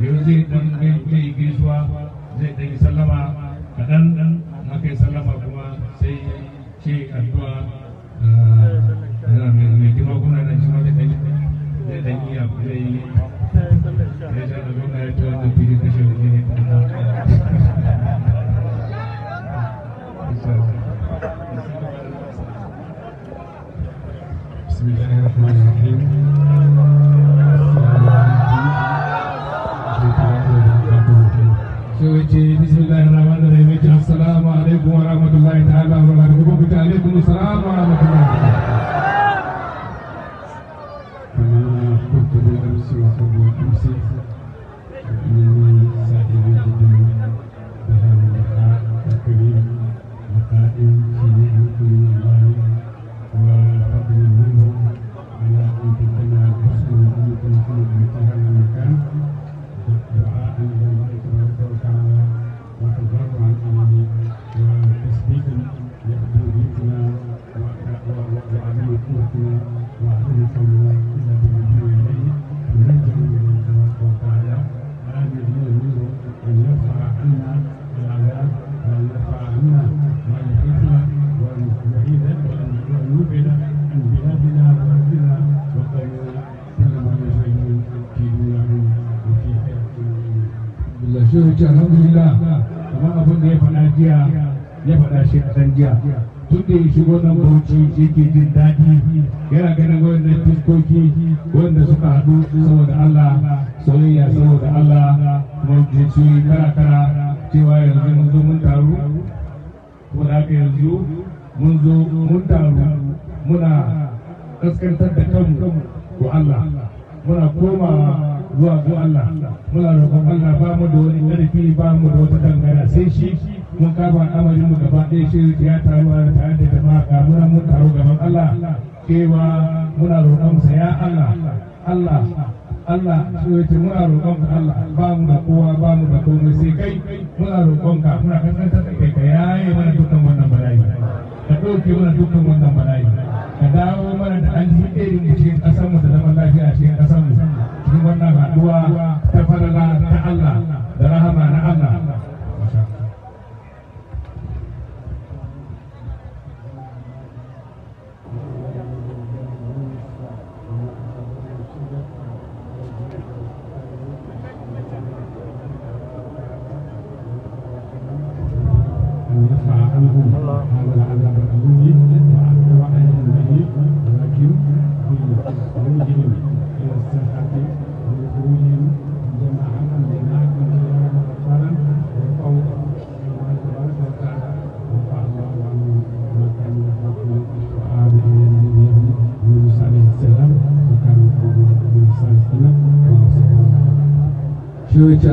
yau zai dan zai gaisuwa zai dan sallama kaɗan dan haka sallama kuma sai ce addu'a ah, yana mai kuma kuma nan shi ma zai dan yi zai yi yake jin daɗi yana ganin wannan fiskoki wanda suka haɗu saboda Allah soyayya saboda Allah kuma jici kara-kara cewa yanzu mun zo mun taru kuma da yanzu mun zo mun taru muna kaskantar raba al'amarin mu gaba ɗaya shi ya taruwa a tare da jama'a ga muna mun taro gaban Allah cewa muna roƙon sa ya Allah Allah Allah shi yace muna roƙon ka Allah ba mu da kowa ba mu da komai sai kai muna roƙon ka muna kaskantar da kai ka yaye mana dukkan wannan bala'i ka ɗauke mana dukkan wannan bala'i ka dawo mana da an ji irin cikin ƙasar mu da zaman lafiya cikin ƙasar mu cikin wannan haɗuwa ta falala ta Allah da rahama na Allah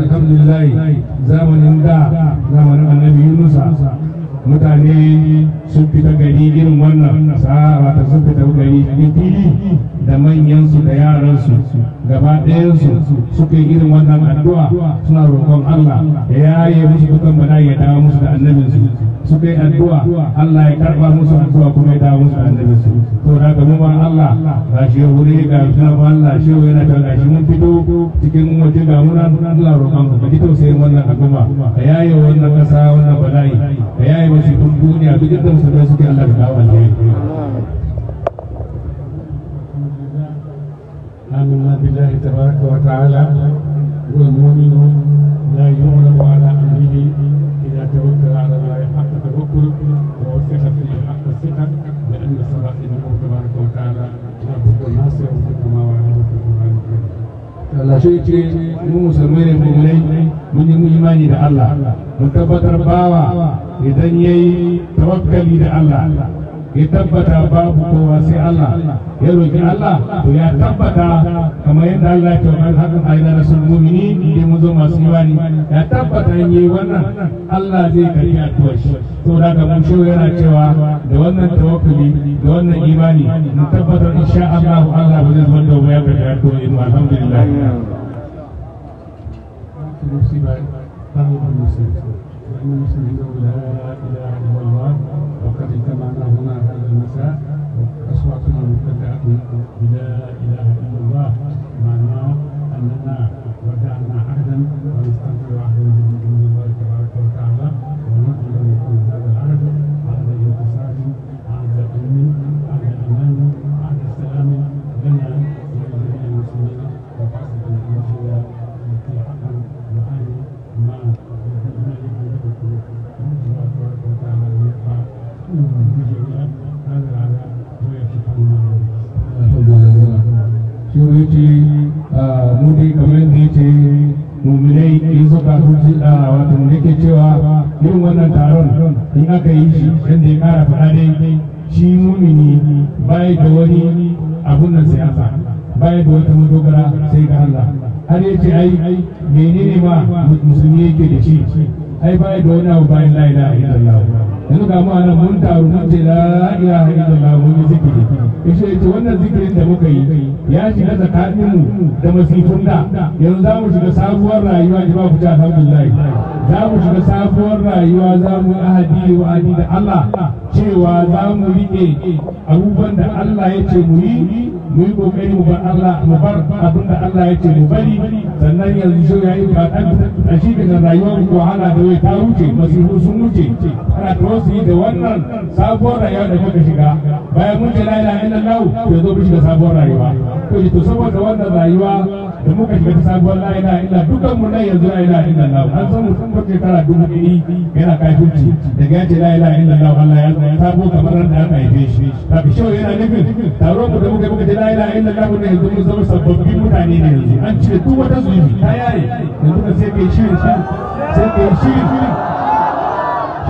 alhamdulillah zamanin da zamanin annabi yunusa mutane ya yaye musu dukan bala'i ya dawo musu da annabin su suka yi addu'a Allah ya karba musu addu'a kuma ya dawo musu da annabin su to da ga mu Allah ga shi wuri ga shi Allah shi yana da ga shi mun fito cikin waje ga mu nan Allah roƙon ka ji tausayin wannan al'umma ka yaye wannan kasa wannan bala'i ka yaye musu duniya duk da musulmai suke Allah ka kawo آمنا بالله تبارك وتعالى والمؤمن لا يغلب على أمره إذا توكل على الله حق التوكل ووثق فيه حق الثقة لأن الصلاة له تبارك وتعالى ربك الناصر في السماوات في القرآن الكريم. shi ce موسى من ne mu'minai من yi imani da Allah mun إذا bawa توكل yayi ya tabbata babu kowa sai Allah ya roƙi Allah to ya tabbata kamar yadda Allah ya tabbata hakan aina rasul mu'mini da mun zo masu imani ya tabbata in yi wannan Allah zai karbi addu'ar shi to da ga mun shi yana cewa da wannan tawakkuli da wannan imani mu tabbatar insha Allah Allah ba zai zama da waya ga addu'ar mu alhamdulillah اجتمعنا هنا هذا المساء واصواتنا مبتدعه بلا yake cewa yin wannan taron in aka yi shi yadda ya kara faɗa dai shi mumini bai da wani abun nan siyasa baya da wata madogara sai ga Allah har ya ce ai menene ma musulmi yake da shi ai bai da wani abu bayan la ilaha Allah yanzu ga ma'ana mun taru mun ce la ilaha illallah mun zikiri yace yace wannan zikirin da muka yi ya shiga tsakanin mu da masifin da yanzu za mu shiga sabuwar rayuwa ji ba ku ta alhamdulillah za mu shiga sabuwar rayuwa za mu ahadi wa ahadi da Allah cewa za mu riƙe abubuwan da Allah ya ce mu yi mu yi kokari mu bar Allah mu bar abin da Allah ya ce mu bari sannan yanzu ya yi kaɗan a shi daga rayuwar wahala da wai ta wuce masifu sun wuce ana tawassuli da wannan sabuwar rayuwa da muka shiga bayan mun ce la ilaha illallah ya zo mu shiga sabuwar rayuwa to saboda wannan rayuwa da muka shiga ta sabuwar la ilaha illa dukan mu nan yanzu la ilaha illa Allah an san mutum ba ke tara dubu ɗari yana kafirci daga yace la ilaha illa Allah Allah ya tsaya ta bo kamar ran da aka haife shi ta fi shawo yana nufin taron mu da muka muka ce la ilaha illa Allah ne yanzu mun zama sababbin mutane ne yanzu an cire duk wata zunubi ta yaye yanzu ka sai kai shirin shirin sai kai shirin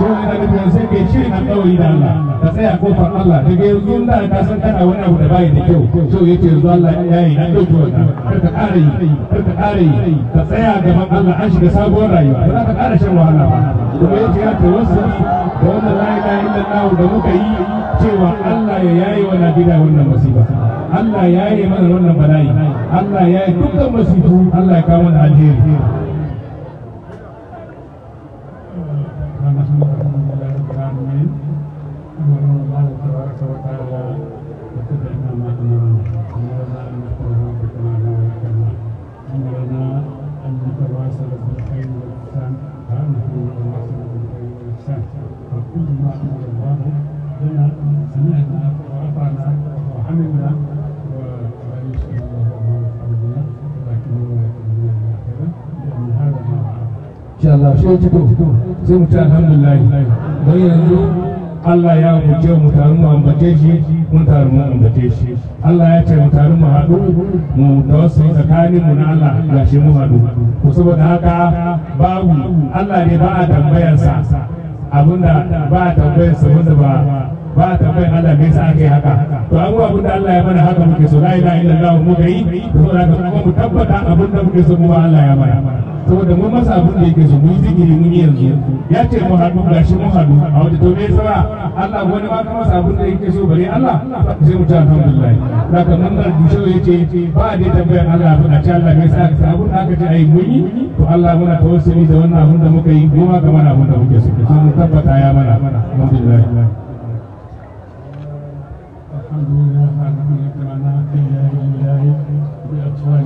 ko ana nufin sai kai shirin alƙawari da Allah ta tsaya kofar Allah daga yanzu da ka san kana wani abu da bai da kyau so yake yanzu Allah ya yi an dauki wannan ka ƙara yi kar ka ƙara yi ka tsaya gaban Allah an shiga sabuwar rayuwa ba za ka ƙara shan wahala ba kuma yace ya wasu da wannan layi la ilaha illallah da muka yi cewa Allah ya yayi wa Nabila wannan masifa Allah ya yi mana wannan bala'i Allah ya yi dukkan masifu Allah ya kawo mana alheri Thank mm-hmm. you. Allah sai fito sai mu ta alhamdulillah don yanzu Allah ya buke mu taru mu ambace shi mun taru mu ambace shi Allah ya ce mu taru mu haɗu mu tawassuli tsakanin mu na Allah shi mu haɗu ko saboda haka babu Allah ne ba a tambayar tambayarsa abinda ba a tambayar sa wanda ba ba a tambayar Allah me yasa aka yi haka to an abin da Allah ya mana haka muke so la ilaha illallah muka yi to da kuma mu tabbata abin da muke so mu Allah ya mana saboda mun masa abin da yake su mun zikiri mun yi yanzu ya ce mu haɗu gashi mun haɗu a wata to me sara Allah wani ba ka masa abin da yake so bare Allah sai mu ta alhamdulillah zaka mun da dushe yace ba dai tambayar Allah abin a ce Allah me sa ka abin aka ce ai mun yi to Allah muna tawassuli da wannan abin da muka yi mu ma ga mana abin da muke so sai mu tabbata ya mana alhamdulillah alhamdulillah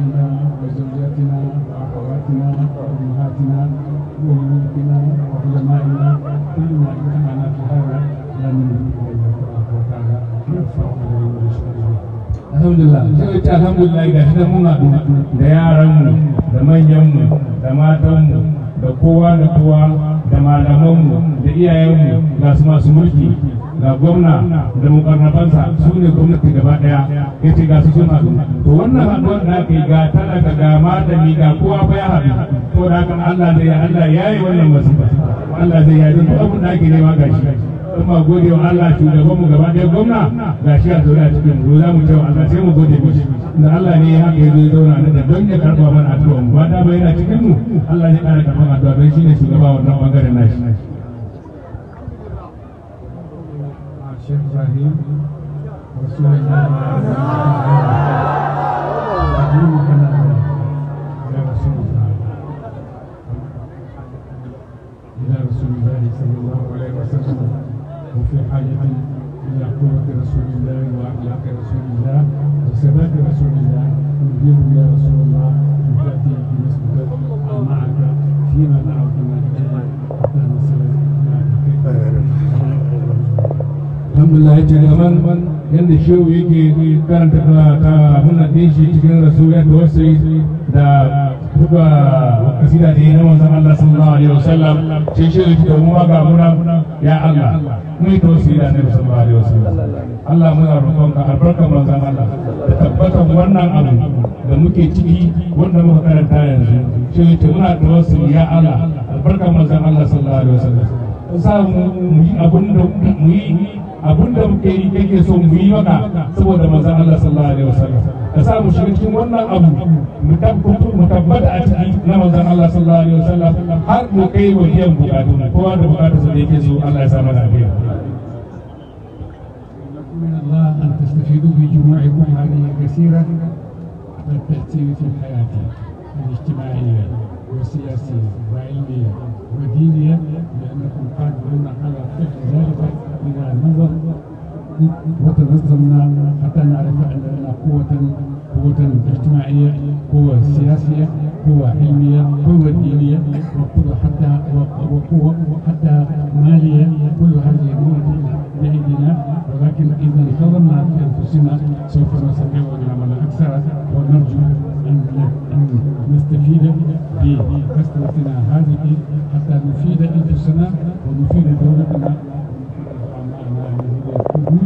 أبنائنا وزوجاتنا وأخواتنا وأمهاتنا وملوكنا وعلمائنا كل ما اجتمعنا في هذا لا نملك إلا الله وتعالى نرفع alhamdulillah alhamdulillah ga shi da yaranmu da da da kowa da kowa da da iyayenmu ga su masu mulki ga gwamna da mukarnabansa su ne gwamnati gaba daya ya ce ga su sun haɗu to wannan haɗuwar da aka yi ga talaka ga malami ga kowa ba ya haɗu ko da haka Allah zai Allah ya yi wannan masifa Allah zai yi duk abin da ake nema ga shi kuma gode wa Allah shugaban mu gaba daya gwamna ga shi a zaune a cikin mu za mu cewa Allah sai mu gode mishi da Allah ne ya haka ya zo zauna nan da don ya karɓa mana addu'a mu ba da ba yana cikin mu Allah ne ƙara karɓar addu'a don shi ne shugaba wannan bangaren nashi Chico Jair, com sua irmã o Maria Canadá, Leva Sumizá. Leva o e seu irmão, colega Sassou, o Ferrari, e a cor pela sua mulher, e o ar pela sua mulher, você vai. Allah ya ce yadda shehu yake karanta ta muna shi cikin rasu da kasida da na Allah alaihi wasallam shi yake ga muna ya Allah mu da alaihi Allah muna roƙon ka albarkar Allah da tabbatar wannan abu da muke ciki wanda muka karanta yanzu shehu yake muna ya Allah albarkar Allah alaihi wasallam sa mu yi abin da mu yi abunda muke yi kake so mu yi maka saboda manzon Allah sallallahu alaihi wasallam ka sa mu shiga cikin wannan abu mu tabbata mu tabbata a ciki na manzon Allah sallallahu alaihi wasallam har mu kai wa biyan bukatu kowa da bukatu da yake so Allah ya sa mana lafiya من الله أن تستفيدوا بجموعكم هذه الكثيرة والتأثير في الحياة الاجتماعية والسياسية والعلمية ودينية لأنكم قادرون على فعل ذلك إلى المنظر وتنظمنا حتى نعرف أن قوة قوة اجتماعية قوة سياسية قوة علمية قوة دينية وقوة حتى وقوة حتى مالية كل هذه الأمور بأيدينا ولكن إذا انتظمنا في أنفسنا سوف نستطيع أن نعمل أكثر ونرجو أن نستفيد بمسألتنا هذه حتى نفيد أنفسنا ونفيد دولتنا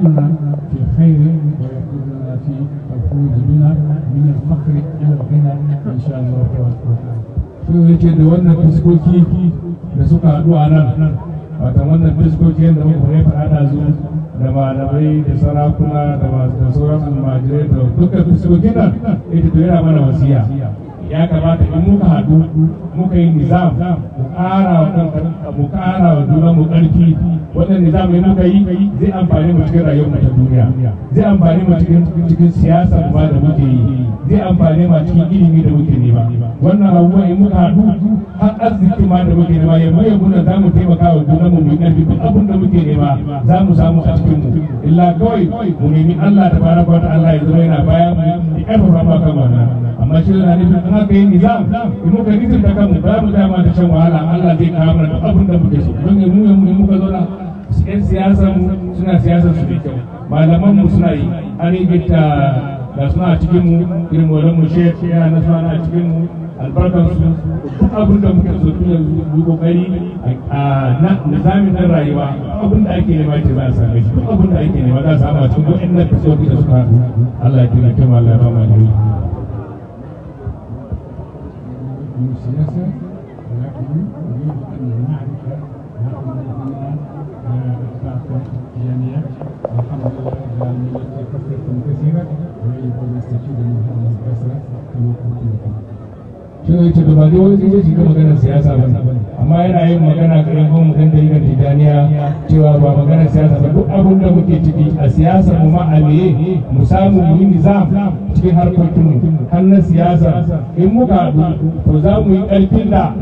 يجعلنا في خير ويحفظ لنا في الخروج بنا من الفقر الى الغنى ان شاء الله تبارك وتعالى da suka haɗu a nan wata da malamai da sarakuna da masu sauran almajirai da dukkan fiskoki nan ita ya kamata in muka haɗu muka yi nizam ƙara wa kanka mu ƙara wa juna mu ƙarfi wannan ne zamu yi muka yi zai amfani mu cikin rayuwar mu ta duniya zai amfani mu cikin cikin siyasa ma da muke yi zai amfani mu cikin ilimi da muke nema wannan rabuwa in muka haɗu har arziki ma da muke nema yamma yamma da zamu taimaka wa juna mu mu ƙarfi duk abin da muke nema zamu samu a cikin mu illa kawai mu nemi Allah ta baraka wa ta'ala ya zama yana baya mu ya ƙarfafa ma kan wannan amma shi da nufin an haka yin nizam in muka nizam ta kanmu ba mu dama da shan wahala Allah zai kawo da abin da muke so don yanzu mu ne muka zo na yan siyasa mu suna siyasa su da kyau malaman mu suna yi an yi da suna a cikin mu irin wannan mu shek ya na suna a cikin mu albarkar su duk abin da muke so tun yanzu yi kokari a nizamin na rayuwa abin da ake nema ce za a same shi duk abin da ake nema za a samu a cikin wa'in wa'annan fisofi da suka Allah ya kira kyau Allah ya ba mu alheri siyasa shi da ba dole zai shiga maganar siyasa ba amma yana yin magana karfin mutum da yin tijaniya cewa ba maganar siyasa ba duk abin da muke ciki a siyasa mu ma mu samu mu yi nizam cikin harkokin mu har siyasa in muka haɗu to za mu yi ƙarfin da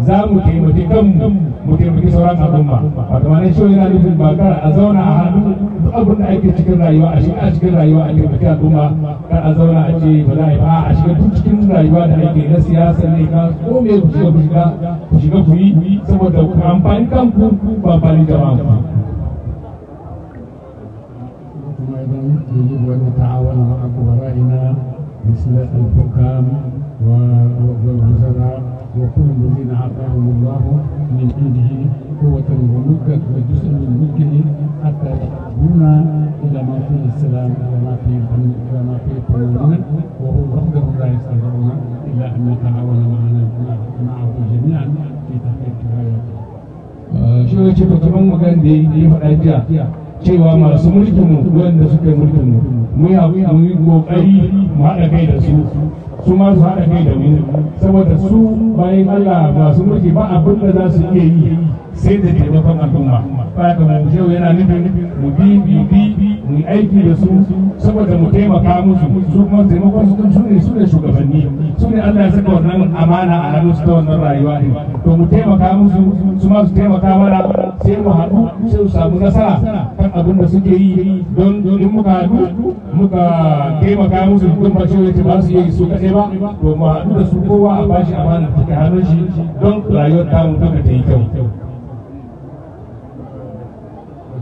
za mu taimaki kanmu mu taimaki sauran al'umma wato ma'anar shi yana nufin ba kar a zauna a hannu duk abin da ake cikin rayuwa a shiga cikin rayuwa a taimaki al'umma kar a zauna a ce ba za a yi ba a shiga duk cikin rayuwa da ake na siyasa ne ka ko me ku shiga ku shiga ku shiga ku yi saboda ku amfani kanku ku amfani jama'a وأيضا يجب أن نتعاون مع كبرائنا بصلة الحكام والعزلاء وكل الذين اعطاهم الله من عنده قوه وملكا وجزء من ملكه حتى يحبون الى ما فيه السلام الى ما فيه الامن الى ما فيه الطمأنينة وهم وحدهم لا يستطيعون الا ان يتعاون معنا معه جميعا في تحقيق غاياته. shi ne cewa kamar magan da ya faɗa jiya masu mulkinmu wanda suka mulkinmu mu yi mu yi ƙoƙari mu haɗa kai da su su ma su haɗa kai da mu saboda su bayan Allah su mulki ba abin da za su iya yi sai da taimakon al'umma ba ka mu shehu yana nufin mu bi bi bi mu aiki da su saboda mu taimaka musu su kuma taimakon su su ne su ne shugabanni su ne Allah ya saka wannan amana a ranar su ta wannan rayuwa ne to mu taimaka musu su ma su taimaka mana sai mu haɗu sai su samu nasara kan abin da suke yi don in muka haɗu muka taimaka musu don ba shi ba su yi su kaɗai ba to mu haɗu da su kowa a bashi amana take hannun shi don rayuwar mu ta ta yi kyau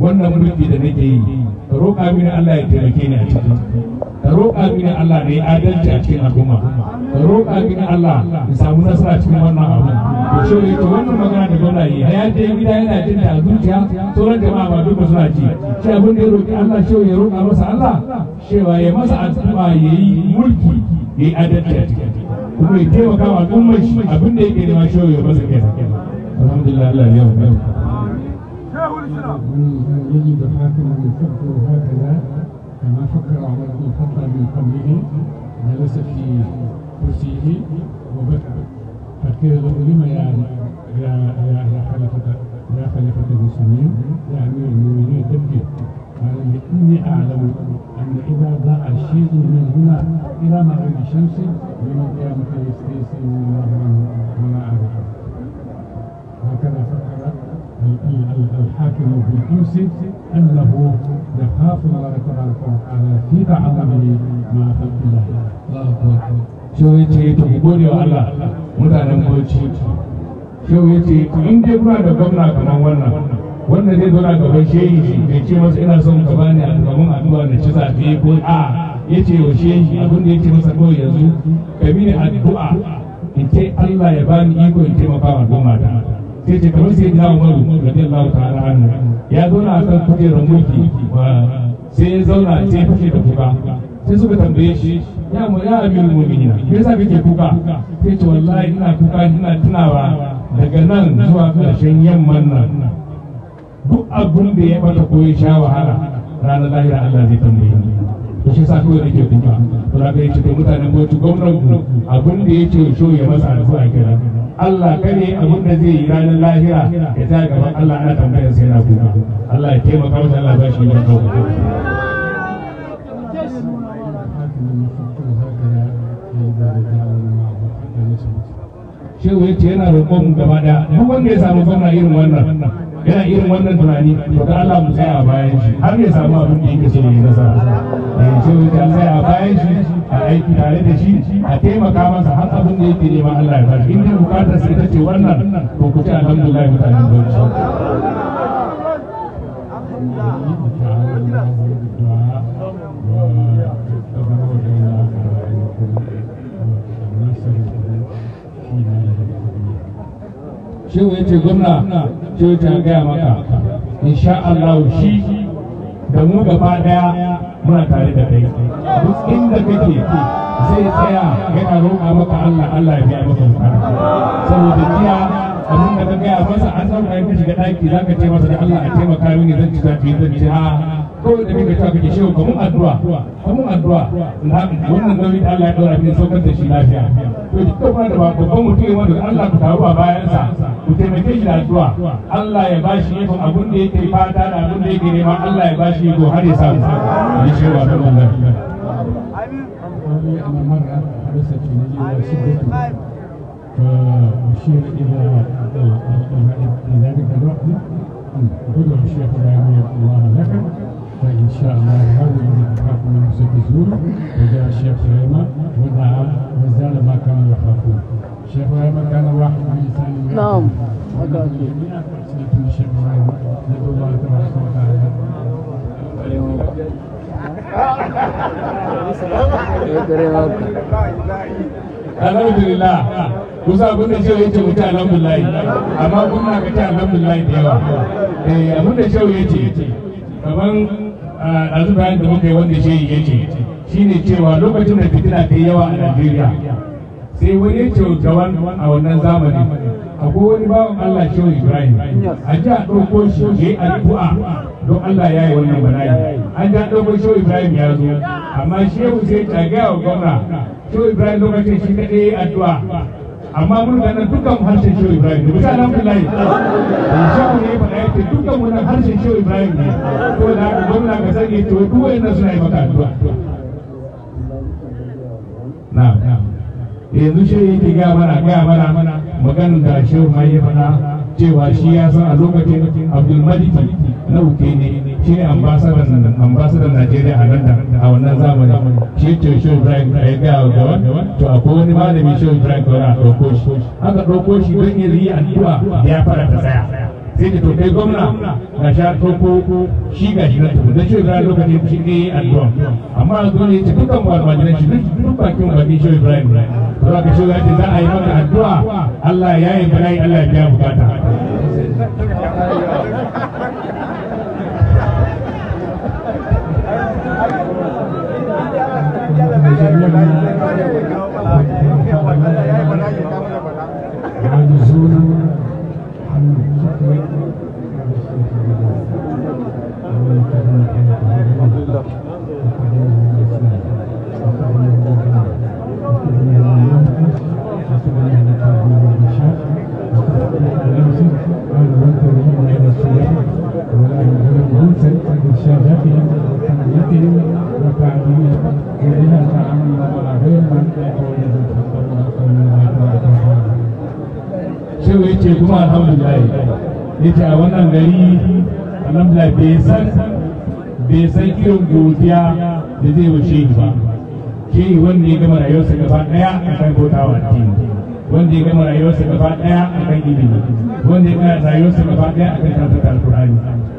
wannan mulki da nake yi ka roƙa mini Allah ya taimake ni a cikin ka roƙa mini Allah ne adalci a cikin al'umma ka roƙa mini Allah ya samu nasara cikin wannan abu to shi ne to wannan magana da gwamna yi ya je gida yana jin ta zuciya sauran jama'a ba duka suna ji shi abin da ya roƙi Allah shi ya roƙa masa Allah wa ya masa addu'a ya yi mulki ya yi adalci a cikin kuma ya taimaka wa al'umma shi abin da yake nema shi ya masa kai alhamdulillah Allah ya yau يجد الحاكم ان يفكر هكذا كما فكر عمر بن الخطاب من قبله جلس في كرسيه وبكى فقيل له لم يا يا يا خليفه يا خليفه المسلمين يا امير المؤمنين تبكي قال اني اعلم ان اذا ضاع الشيء من هنا الى مغرب الشمس يوم القيامه يستيسر الله عنه الحاكم الفردوسي انه يخاف الله تبارك وتعالى في تعظمه مع خلق الله الله اكبر شو يجي تقول يا الله mutanen bauchi shehu ya ce to in dai kuna da gwamna kamar wannan wannan zai zauna gaba shi shi bai ce masa ina son ka bani a gaban addu'a da ci zafi ko a ya ce wa shehi abin da ya ce masa kawai yanzu ka bi addu'a in ce Allah ya bani iko in taimaka wa al'umma ta sai ce kamar sai na umaru radiyallahu ta'ala anhu ya zauna a kan kujerar mulki sai ya zauna sai ya fashe da kuka sai suka tambaye shi ya mu ya amirul mu'minina me yasa kake kuka sai ce wallahi ina kuka ina tunawa daga nan zuwa karshen yamman nan duk abun da ya bata koyi sha wahala ranar lahira Allah zai tambaye to shi sa kawai nake kuka to da kai ce mutanen gwamnati gwamnati abun da yake so ya masa alfa kenan Allah ka ne abin da zai yi ranar lahira ya ta gaban Allah ana tambayar sai na kuma Allah ya taimaka masa Allah ba shi ne kawai shehu ya ce yana roƙon gaba ɗaya duk wanda ya samu gwamna irin wannan yana irin wannan tunani to da Allah mu tsaya bayan shi har ya samu abin da yake so ya nasara eh so ya bayan shi a aiki tare da shi a taimaka masa har abin da yake nema Allah ya bashi in dai bukatar sai ta ce wannan to ku ci alhamdulillah mutanen bauchi shehu yace ce gwamna shehu ta gaya maka insha Allah shi da mu gaba daya muna tare da kai duk inda kake zai tsaya yana roƙa maka Allah Allah ya biya maka saboda jiya a nan da gaya masa an san kai ka shiga daki za ka ce da Allah a taimaka mini zan ci zafi zan ci a kawai da kika ta kake shehu mun addu'a mun addu'a wannan nauyi da Allah ya daura mini saukar da shi lafiya to duk kuma da babban mutum wanda Allah ku taru a bayansa ku taimake shi da addu'a Allah ya bashi a abun da yake fata da abun da yake nema Allah ya bashi yako har ya samu ni shehu da Allah amin فأشير إلى ذلك الوقت ادعو الشيخ داعية الله لك فإن شاء الله هذا الذي تخافون من ستزوره وجاء الشيخ ريما ودعا وزال ما كانوا يخافون الشيخ ريما كان واحد من الإنسان نعم Thank الشيخ ندعو الله تبارك وتعالى alhamdulillah kusa abin da shehu yace mutum alhamdulillah amma kun na ka ta alhamdulillah da yawa eh abin da shehu yace kaman a bayan da muka yi wanda shehu yace shine cewa lokacin da fitina ta yawa a Najeriya sai wani yace gawan a wannan zamani akwai wani bawan Allah shehu Ibrahim a ji a ɗauko shi yi addu'a don Allah ya yi wannan bala'i an ja ɗauko shehu Ibrahim ya zo amma shehu sai ta gaya wa gwamna to ibrahim lo lokacin shi kade addu'a amma mun ga nan dukkan harshen shehu ibrahim ne bisa alhamdulillah shehu ne faɗa dai dukkan mu nan harshen shehu ibrahim ne to da haka gwamna ka sani to duk wayannan suna yi maka addu'a na'am eh, yanzu shi yake ga mana ga mana maganar da shehu ma ya faɗa cewa shi ya san a lokacin abdulmaliki na uke ne shi ne ambasadan najeriya a nan a wannan zamani shi ce show brian da ya gaya wani to akwai wani malami show brian kawai a ɗauko shi aka ɗauko shi don yin yi addu'a da ya fara ta tsaya sai da tokai gwamna na sha toko shi da shi ibrahim lokacin shi a zuwa dukkan bakin bakin shi ibrahim to za a yi maka addu'a Allah ya yi Allah ya Thank *laughs* you. wannan gari alhamdulillah bai san besan san irin godiya da zai wa shehi ba shehi wanda ya gama rayuwarsa gaba daya a kan kotawa addini wanda ya gama rayuwarsa gaba daya a kan ilimi wanda ya gama rayuwarsa gaba daya a kan karfafa alkurani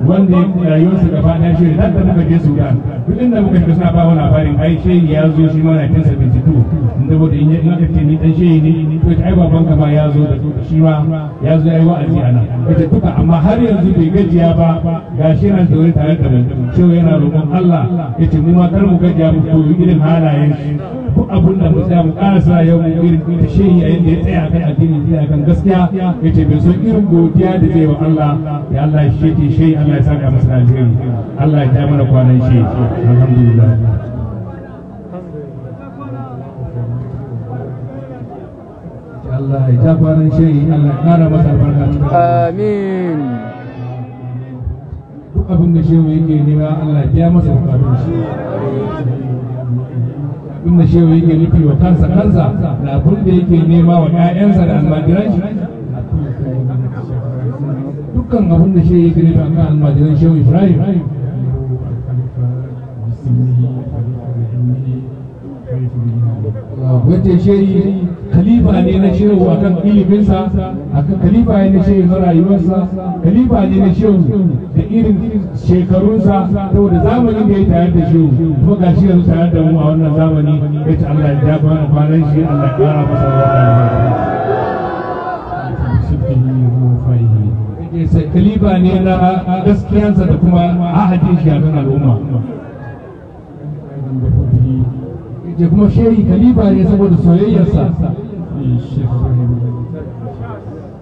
wanda ya gama rayuwarsa gaba daya shi da ta muka je sudan duk inda muka shiga suna ba wani labarin ai shehi ya zo shi ma na 1972 inda bude in aka ce ni dan shehi ne to ai baban ka ya zo da shi ma ya zo yi wa'azi a nan ita duka amma har yanzu bai gajiya ba gashi nan da wani tare da mu cewa yana roƙon Allah yace mu ma kar mu gajiya mu koyi irin halayen shi duk abin da mu tsaya mu karasa yau mu irin da shehi a yadda ya tsaya kan addini tsaya kan gaskiya yace bai so irin godiya da zai wa Allah ya Allah ya shete shehi Allah ya saka masa alheri Allah ya ta mana kwanan shi alhamdulillah Allah ya ja kwanan Allah ya kara masa albarka amin duk abin da shehu yake nema Allah ya biya masa bukatun shi abin da shehu yake nufi wa kansa kansa da abin da yake nema wa da almajiran shi dukkan abin da shehu yake nufi almajiran shehu Ibrahim wanda shehi khalifa ne na shehu akan iliminsa akan khalifa ne na shehu na rayuwarsa khalifa ne na shehu da irin shekarunsa ta saboda zamani da ya tayar da shehu kuma ga shi yanzu tayar da mu a wannan zamani ya ta Allah ya dafa mana kwanan shi Allah ya kara masa lafiya khalifa ne na gaskiyansa da kuma ahadin shi a kan al'umma ya kuma shehi kalifa ne saboda soyayyarsa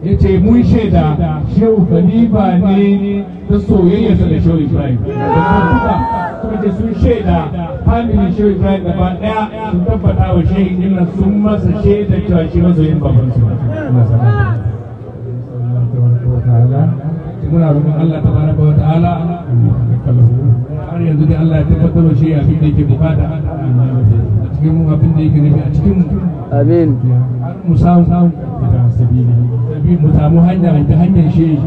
ya ce mun shaida shehu kalifa ne ta soyayyarsa da shehu ibrahim da kuma ce sun shaida familin shehu ibrahim gaba daya sun tabbata wa shehin dinnan sun masa shaida cewa shi masoyin babansu muna roƙon Allah ta baraka wa ta'ala har yanzu dai Allah ya tabbatar da shi abin da yake bukata shiga abin da yake a cikin mu amin har mu samu samu da sabili sabili mu samu hanya ta hanyar shi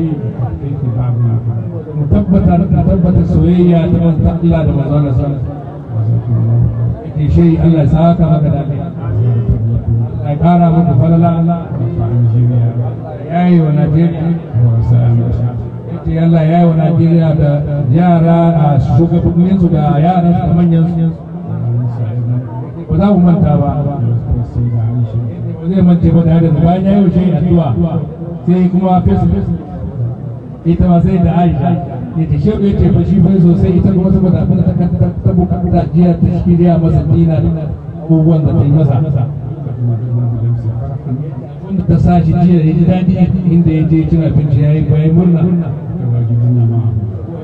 mu tabbata tabbata soyayya ta Allah da Allah sallallahu alaihi wasallam shi Allah ya saka maka da kara falala ya yi wa Najeriya ya yi wa Najeriya da yara a shugabanninsu da yaran manyan su ba za mu manta ba ba zai manta ba tare da bayan ya yi wuce addu'a sai kuma fesu ita ma sai da aisha ne ce shi ya ce fashi bai sosai ita kuma saboda abin da ta bukata jiya ta shirya masa dina abubuwan da ta yi masa wanda ta sa shi jiya ya ji daɗi inda ya je cin abinci ya yi bayan murna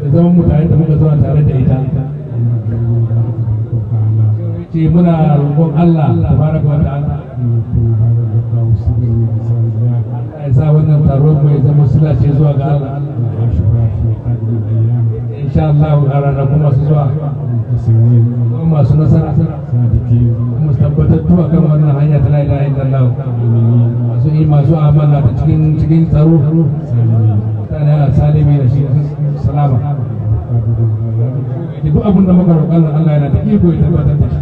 da zaman mutane da muka zauna tare da ita ce muna roƙon Allah tabaraka wa ta'ala ya sa wannan zama ce zuwa ga Allah Allah a ranaku zuwa kuma masu nasara kuma a kan wannan hanya ta la'ila masu yi masu amana ta cikin cikin tsaro tana yana salimi da shi salama duk abin da muka roƙa Allah yana iko ya tabbatar da shi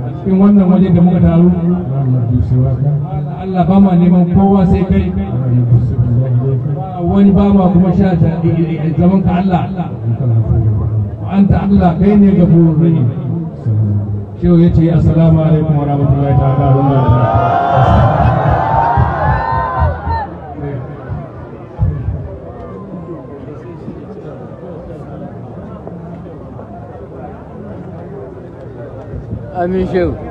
in wannan waje da muka taru Allah ba ma neman kowa sai kai wani ba ma kuma sha ta zaman ka Allah an ta Allah kai ne ga burin shi ya ce assalamu alaikum wa rahmatullahi ta'ala wa barakatuh show.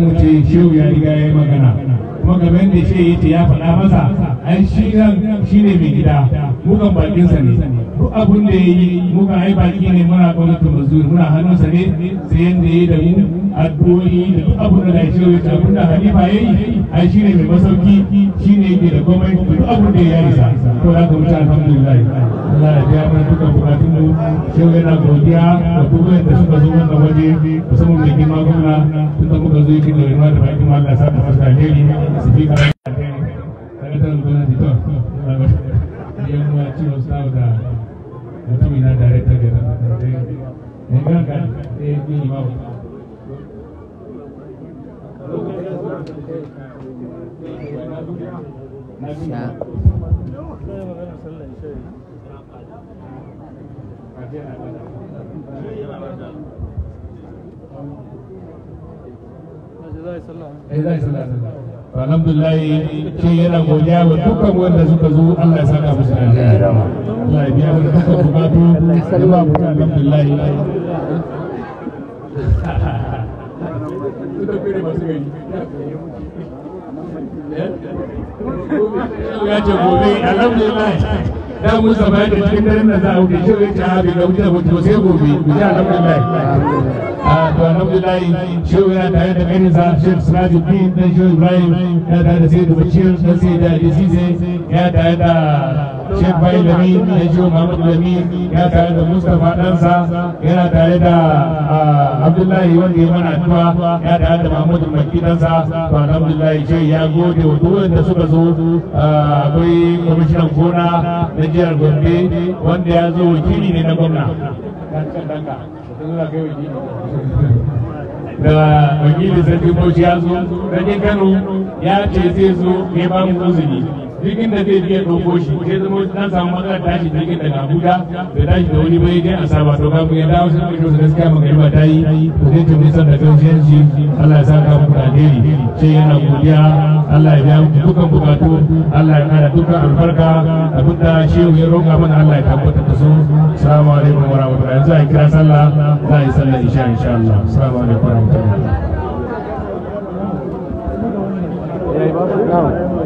mu ce shehu ya riga ya yi magana kuma game da shehu ya faɗa masa ai shi ne mai gida mukan bakin sa ne duk abin da yayi muka ai baki ne muna gwamnatin mazuri muna hannun sa ne sai yanda yayi da mu addu'o'i da duk abin da ya shirya ta abin da halifa yayi ai shine mai masauki shine yake da komai duk abin da yayi sa to da gwamnati alhamdulillah Allah ya biya mana dukkan bukatun mu shehu yana godiya da duk da suka zo wannan waje musamman mai girma gwamna da muka zo yake da rayuwa da baki ma Allah ya sa mu alheri su fi karatu chief of staff da director da ni ma alhamdulillah ke yana godiya wa dukkan wanda suka zo Allah ya saka musu da Allah ya biya da dukkan bukatu ba mu alhamdulillah *laughs* ya ce gobe alhamdulillah da mun zama da cikin daren nan za a wuce shi wai ta bi ga wuce mutu sai gobe ku ji alhamdulillah a to alhamdulillah shi yana tare da mai nisa Sheikh Sirajuddin dan Sheikh Ibrahim ya tare da Sayyid Bashir dan Sayyid Azizi ya tare da Sheikh shefayi lamin ya wa Muhammadu lamin ya tare da mustapha ɗansa yana tare da ah, abdullahi wanda ya mana addu'a ya tare da mahmud maki ɗansa to alhamdulillah ce ya gode wa duk wanda suka zo ah, akwai kwamishinan gona na jihar gombe wanda ya zo wakili ne na gwamna da wakili sarki bauchi ya zo da kano ya ce zai zo ya ba mu uzuri jirgin da zai je ɗauko shi ke zama dan samu matsalar tashi jirgin daga abuja da tashi da wani bai dai a saba to kafin ya dawo sai mai dosa gaskiya gariba ta yi to zai ta nisan da kan shi allah ya sa ka muku alheri ce yana godiya allah ya biya muku dukkan bukatu allah ya kada dukkan albarka abinda shehu ya roƙa mana allah ya tabbata da su salamu alaikum wa rahmatullahi yanzu a kira sallah za a yi sallah isha insha allah salamu alaikum wa rahmatullahi